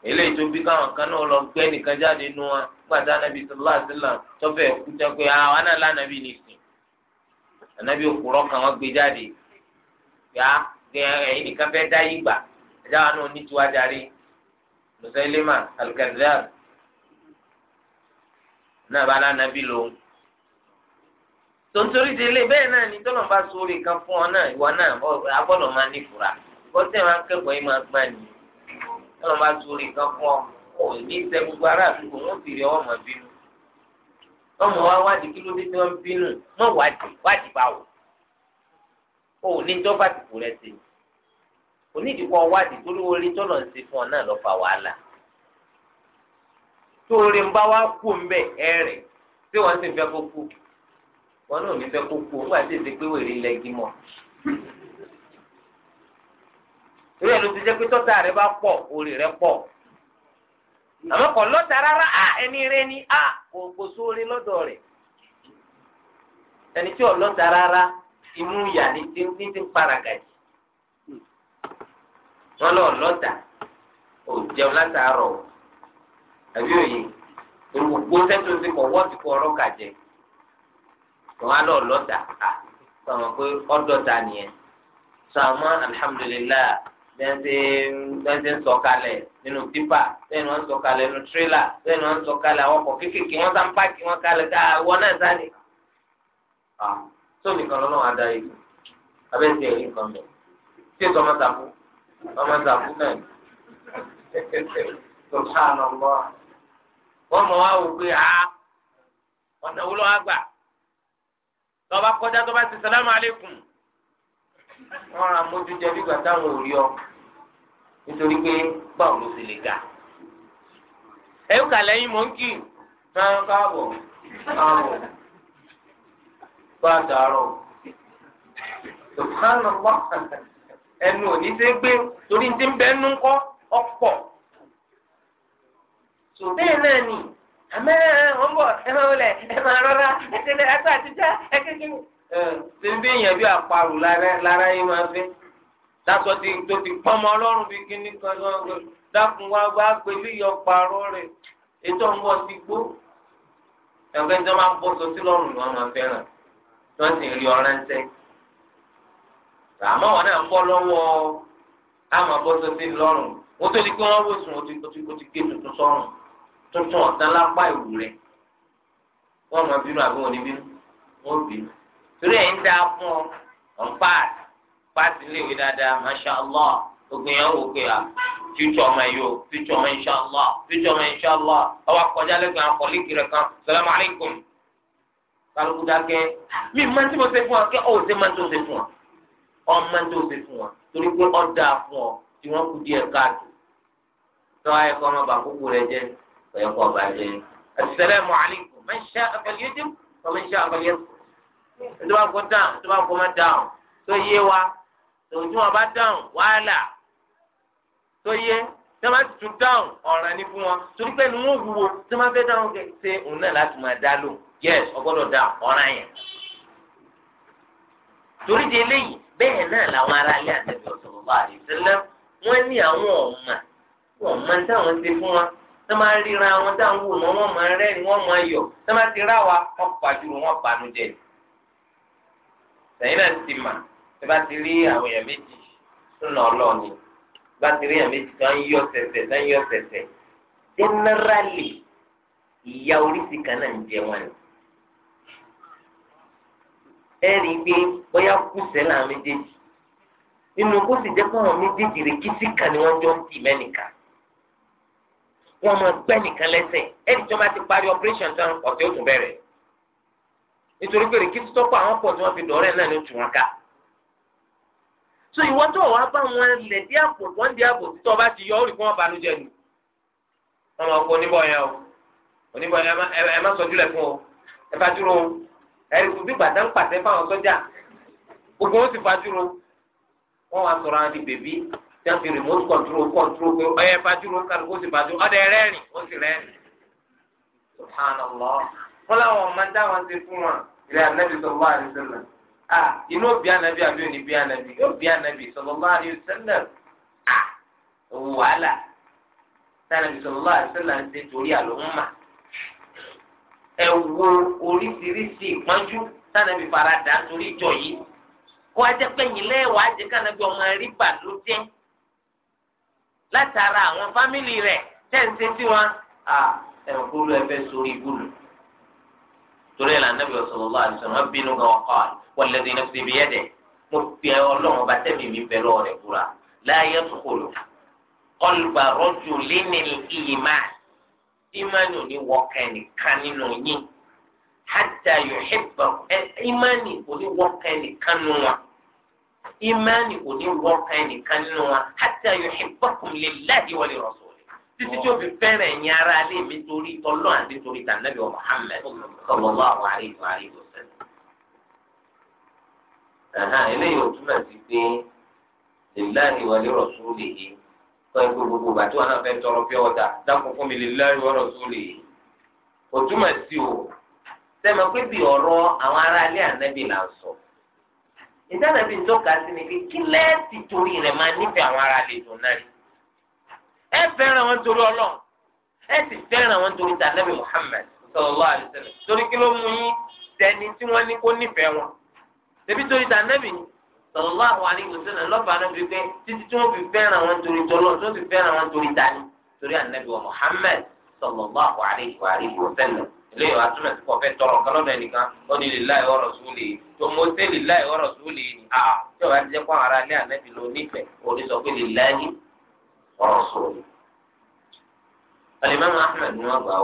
eléyìí tó bí káwọn kan náà lọ gbẹ́ nìkan jáde gbàtà ànábì tọ́fẹ̀ pé ah, àwọn Musailima al-Kadhdhab náà bá lánàbí lòun tontori délé bẹ́ẹ̀ náà ni tọ́lọ̀ bá sóore kan fún ọ náà ìwọ náà agbọ́dọ̀ máa ní ìfura bọ́sẹ̀ máa ń kẹ́kọ̀ọ́ yìí máa gbá ni tọ́lọ̀ bá sóore kan fún ọ ò ní sẹ gbogbo ará àdúgbò wọn sì rí ọwọ́ mọ̀ bínú ọmọ wa wádìí kí ló dé tí wọ́n bínú mọ̀ wádìí wádìí báwo ò ní jọba tìkú rẹ sí i onídìbò wádìí tó lówó rí tọ́lọ̀ ń ṣe fún ọ náà lọ́ fa wàhálà tó rí ń bá wá kú mbẹ ẹ̀rìn tí wọ́n sì ń fẹ́ kó kú wọn náà ní fẹ́ kó kú wọn àti èsì pé wèrè lẹ́gí mọ́ torí ẹ̀ ló ti jẹ́ pé tọ́ta rẹ bá pọ̀ orí rẹ pọ̀ àmọ́ kò lọ́ta rárá à ẹni rẹ ni à kò sóore lọ́dọ̀ rẹ̀ ẹni tí ò lọ́ta rárá imú yà ní tí ń tí ń para gàjì lọ́lọ́ lọ́tà ò jẹun látàárọ̀ àbí òye olùgbò sẹ́tò sí kọ̀ wọ́ọ̀tì kọ̀ ọ̀rọ̀ kàjẹ́ kọ̀ wá lọ́ọ̀ lọ́tà à sọ̀rọ̀ pé ọ̀dọ́ta nìyẹn sọ̀rọ̀ alhamdulillah bẹ́ẹ̀ ṣe ń sọ̀kalẹ̀ nínú pípà bẹ́ẹ̀ ni wọ́n ń sọ̀kalẹ̀ nínú tírélà bẹ́ẹ̀ ni wọ́n ń sọ̀kalẹ̀ àwọn ọkọ̀ kéékèèké wọ́n sáà ń pààkì wọn kalẹ̀ ká wọn náà sáni. sómi kan lọ́nà adarí abẹ́sẹ̀ ẹ̀rí kan mẹ́ tí ètò ọmọ sàfún ọmọ zàkú náà subhanallah wọ́n mọ̀ wá wò pé a ọ̀nà wo lọ́wọ́ gbà lọ́ba kọjá tó bá ti sàlámù alẹ́kùn wọ́n ra mójú jẹ bí gbàtà wọn ò rí ọ nítorí pé báwo ló sì lè ga ẹ̀yọ́ kà lẹ́yìn mọ́ńkì náà káàbọ̀ káàbọ̀ bá a dàrọ̀ subhanallah ẹnu ò ní ṣe gbé torí ti ń bẹ nú kọ́ ọ̀pọ̀. sò bẹ́ẹ̀ náà nì àmọ́ wọ́n bọ̀ ẹ máa wọlé ẹ máa rọra ẹ tẹ̀lé ẹtọ́ àtijọ́ ẹ kékeré. ẹ ṣe ń bí èèyàn bí àparò lára yín máa fẹ́ dáṣọ ti tó ti pọ́nmọ́ ọlọ́run bíi kíní kan lọ́wọ́ dákun wá wá pẹ̀lú ìyọparọ́ rẹ̀ ètò ń bọ̀ sí gbó. ẹ̀fẹ́ tí wọ́n máa ń sọ sí lọ́rùn ni wọ́n máa fẹ́ràn tí wọ́n sì ń rí ọ̀rẹ́ ń sẹ́yìn àmọ́ wọn náà ń bọ́ lọ́wọ́ àmọ́ bọ́ sófin lọ́rùn wọ́n tó di pé wọ́n rò sùn ó ti gé tuntun sọ́rùn tuntun ọ̀tán lápá ìwù rẹ̀ wọ́n mọ bínú àbí wọn ní bínú wọ́n bínú torí ẹ̀yin dáa fún ọ ọ̀n páàtì páàtì léwe dáadáa masha allah gbogbo yẹn wò pé a ah, future ọmọ yìí o future ọmọ insha allah future ọmọ insha allah ọwọ́ akọjá lẹ́gbẹ̀ẹ́ akọ̀lẹ́kì rẹ̀ kan salamu alaykum kálukú dákẹ́ mi máa ń tí mo ṣe fún ọ kí ọ ò ṣe máa ń tó ṣe fún ọ ọmọ tó ṣe fún wọn torí pé ọ̀dà fún ọ tí wọ́n kú díẹ̀ káàtó tọ́wọ́ ẹ̀kọ́ ọmọ bàbá kúkú rẹ jẹ́ ẹ̀kọ́ ọba jẹ́ assalamu alaikum man sha'a falyujib wa man sha'a falyasmut tó bá kó dáhùn tó bá kó má dáhùn tó yé wa tòun tí wọn bá dáhùn wàhálà tó yé tí wọn tún dáhùn ọ̀ràn ní fún wọn torí pé ní wọn wúwo tí wọn fẹ́ dáhùn ṣe òun náà láti máa dá lò yes ọgbọ́dọ̀ dá ọ̀ràn yẹn torí di eléyìí bẹ́ẹ̀ náà làwọn aráalé àtẹ̀bí ọ̀sọ̀rọ̀ wà rí sílẹ̀ wọ́n ní àwọn ọ̀mà wọ́n mọ táwọn ti fún wọn tó máa ríra wọn táwọn wò mọ́ wọ́n máa rẹ́ni wọ́n máa yọ̀ tó máa ti rá wa wọ́n pàjùrò wọ́n pànú jẹ. sẹ́yìn náà ti mà tó bá ti rí àwọn èèyàn méjì sínú ọlọ́ọ̀ni bá ti rí èèyàn méjì tó ń yọ sẹ̀sẹ̀ tó ń yọ sẹ̀sẹ̀ generally ìyá oríṣi kan náà ń jẹ wọn ni ẹ̀rí gbé bóyá kùsẹ̀ náà méjèèjì nínú kó sì jẹ́ pé àwọn méjèèjì rẹ̀ kìsì kan ni wọ́n jọ ń dì mẹ́nìkan wọ́n máa gbẹ́ nìkan lẹ́sẹ̀ ẹ̀rí tí wọ́n bá ti parí operation tán ọ̀tẹ̀ ó tún bẹ̀rẹ̀ nítorí pé rìkìtì tọ́pọ̀ àwọn pọ̀ tí wọ́n fi dọ̀rẹ́ náà ló tù wọn ká so ìwọ tó wàá bá wọn lẹ̀ dí àpò wọ́n di àpò tí tọ́ba ti yọ ó rí fún wọn banújẹ́ nù wọn máa kó oníbọ̀ yẹn o oníbọ̀ yẹn ẹ má sọjú lẹ̀ fún o ẹ bá dúró o ẹ̀rí kò bí gbàdá ń pàṣẹ fáwọn sọ́jà gbogbo wọn ti fàdúró wọn wá sọ̀rọ̀ àwọn di bèbí tí wọn fi remote control control pé ọyẹ fàdúró kálukú ti fàdúró ọdẹ rẹ́rìn ó sì rẹ́rìn subhanallah wọn làwọn ọmọ dáwọn ti fún wọn ilé anabi sallallahu alaihi wasallam ah inú òbí anabi àbí òní bí anabi yóò bí anabi sallallahu alaihi wasallam ah wàhálà tí anabi sallallahu alaihi wasallam ń ṣe torí àlòmọ́ ẹ wo oríṣiríṣi ìpọ́njú tánàbí farada nítorí ìjọ yìí kó ajẹ́ pẹ́yìn lẹ́wọ̀ ajẹ́ kánàbí ọmọ rí bà ló jẹ́ látara àwọn fámìlì rẹ̀ tẹ̀sí sí wọn ẹ̀wọ̀n kúrú ẹ fẹ́ sórí ìbùnú. torí ẹ̀ lànà bí sallallahu alaihi wasallam bínú gan ọkọ walladhi nafsi biyadihi mo fi ọlọ́run ọba tẹ́mi mi bẹ̀rẹ̀ ọ̀rẹ́ kúra la yadkhulu qalba rajulin al-iman ìmánì ò ní wọ́ọ̀kà ẹnìkan nínú yín hatta yuhibba ẹ ìmánì kò ní wọ́ọ̀kà ẹnìkan nínú wa ìmánì kò ní wọ́ọ̀kà ẹnìkan nínú wa hatta yuhibbakum lillahi wa li rasuli títí tí o fi fẹ́rẹ̀ ẹ̀yin ara alẹ́ mi torí tọ́lọ́ àti torí tànàbí wa Muhammad sallallahu alaihi wa alihi wasallam. eléyìí ò túmọ̀ sí pé lillahi wa li rasulihi sọ èkó gbogbo ìgbà tí wọn náà fẹ́ tọrọ pé ọ̀dà dákun fún mi lè lẹ́rìí ọ̀rọ̀ tó lè òtúmọ̀ sí o sẹ́mi pé bí ọ̀rọ̀ àwọn ará ilé ànábì là ń sọ ìtànàbí ntọ́ka sí ni pé kí lẹ́ẹ̀tì torí rẹ̀ máa nífẹ̀ẹ́ àwọn ará ilé dùn náà rí ẹ fẹ́ràn wọn torí ọlọ́run ẹ sì fẹ́ràn wọn torí tànábì Muhammad sallallahu alaihi wasallam torí kí ló mú yín tẹni tí wọ́n ní kó nífẹ̀ẹ́ wọn tẹbi torí tànábì yìí sallallahu alaihi wasallam lọ́ba pé títí tí wọ́n fi wọn torí tọ́lọ́ tí wọ́n fi fẹ́ràn wọn torí dání torí ànábì wa Muhammad sallallahu alaihi wa eléyìí wàá fẹ́ tọrọ lọ́dọ̀ ẹnìkan ó ní tó mo tí ti jẹ́ kó ara lé nífẹ̀ẹ́ alimami ahmed ni wọn gbà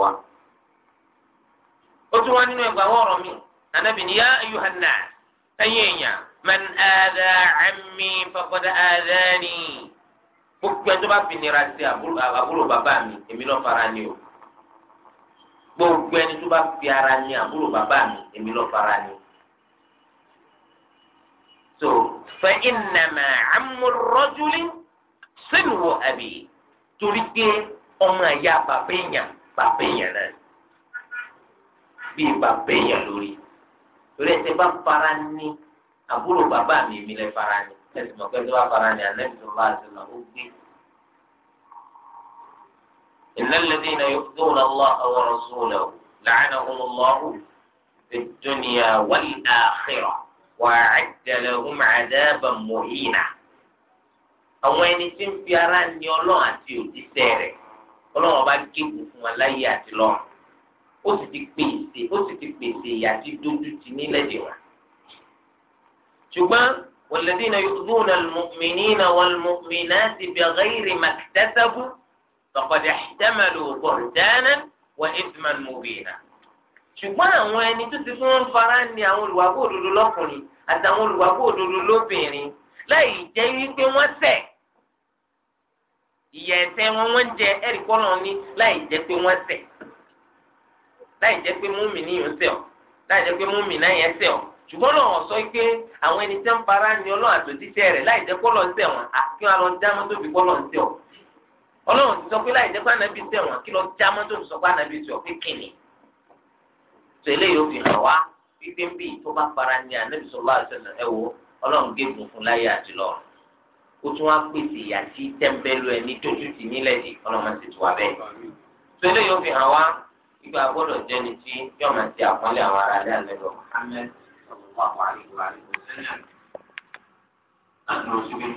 من ada عمي فقد adani gbogbo ẹni tó bá fi nira sí àbúrò bàbá gbogbo ẹni tó bá fi ara ni àbúrò bàbá mi èmi lọ fara ni so fẹ ìnàmà amúrọjúlì sínú wọ àbí torí pé ọmọ ẹ̀yà bàbá èèyàn bàbá èèyàn náà bíi bàbá èèyàn lórí torí ẹ̀ bá fara ni àbúrò bàbá mi mi lẹ fara ni ẹsìn mọ̀ pé tó bá fara ni ànábì tó bá ti lọ ó gbé. إن الذين يؤذون الله ورسوله لعنهم الله في الدنيا والآخرة وأعد لهم عذابا مهينا àwọn ẹni tí ń fi ara ní ọlọ́run àti òjíṣẹ́ rẹ̀ ọlọ́run bá gégùn fún wọn láyé àti lọ́run ó sì ti pèsè ó sì ti pèsè ìyà ṣùgbọ́n wàlẹ́dínà yu'dhuna al-mu'minina wal-mu'minati bighayri maktasabu faqad ihtamalu buhtanan wa ithman mubina. ṣùgbọ́n àwọn ẹni tó ti fún fara ni àwọn olùwàgbọ́ òdodo lọ́kùnrin àtàwọn olùwàgbọ́ òdodo lóbìnrin láì jẹ́ wípé wọ́n ṣẹ̀ ìyà ẹ̀ṣẹ̀ wọn wọ́n jẹ ẹ̀rí ṣùgbọ́n náà wọ́n sọ pé àwọn ẹni tẹ́ ń para ni ọlọ́run àtòjíṣẹ́ rẹ̀ láì jẹ́ kọ́lọ́ ń tẹ̀ wọ́n àti wọn lọ jámọ́ tó fi kọ́lọ́ ń tẹ̀ ọ́ ọlọ́run ti sọ pé láì jẹ́ pànàbí tẹ̀ wọ́n kí lọ jámọ́ tó fi sọ pànàbí tẹ̀ ọ́ pé kìnnì tó eléyìí ó fi hàn wá wípé ń bì tó bá para ni ànábì sọlá àṣẹlẹ ẹ wo ọlọ́run gégùn fún láyé àtìlọ ó tún wá pèsè ìyà fi hàn wá ìgbà gbọ́dọ̀ jẹ́ni tí yọ̀ọ́ máa ti àpọ́nlé àwọn ará ilé àlẹ́ الله عليه وعلى وسلم أهل وسلم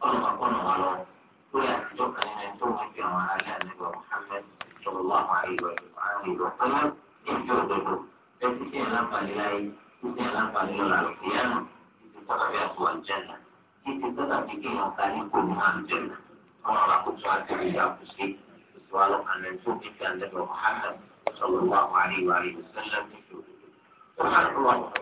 قال ما قلنا ولو كل أحدك أن ينتم في على النبي محمد صلى الله عليه وسلم ينجر ذكره لكن كان لله كان لما لله على القيامة يتسبب أسوأ الجنة يتسبب بكي ينقلب منها الجنة وأنا أقول سؤال كبير أو تشريك سؤال أن ينتم في النبي محمد صلى الله عليه وآله وسلم سبحانك اللهم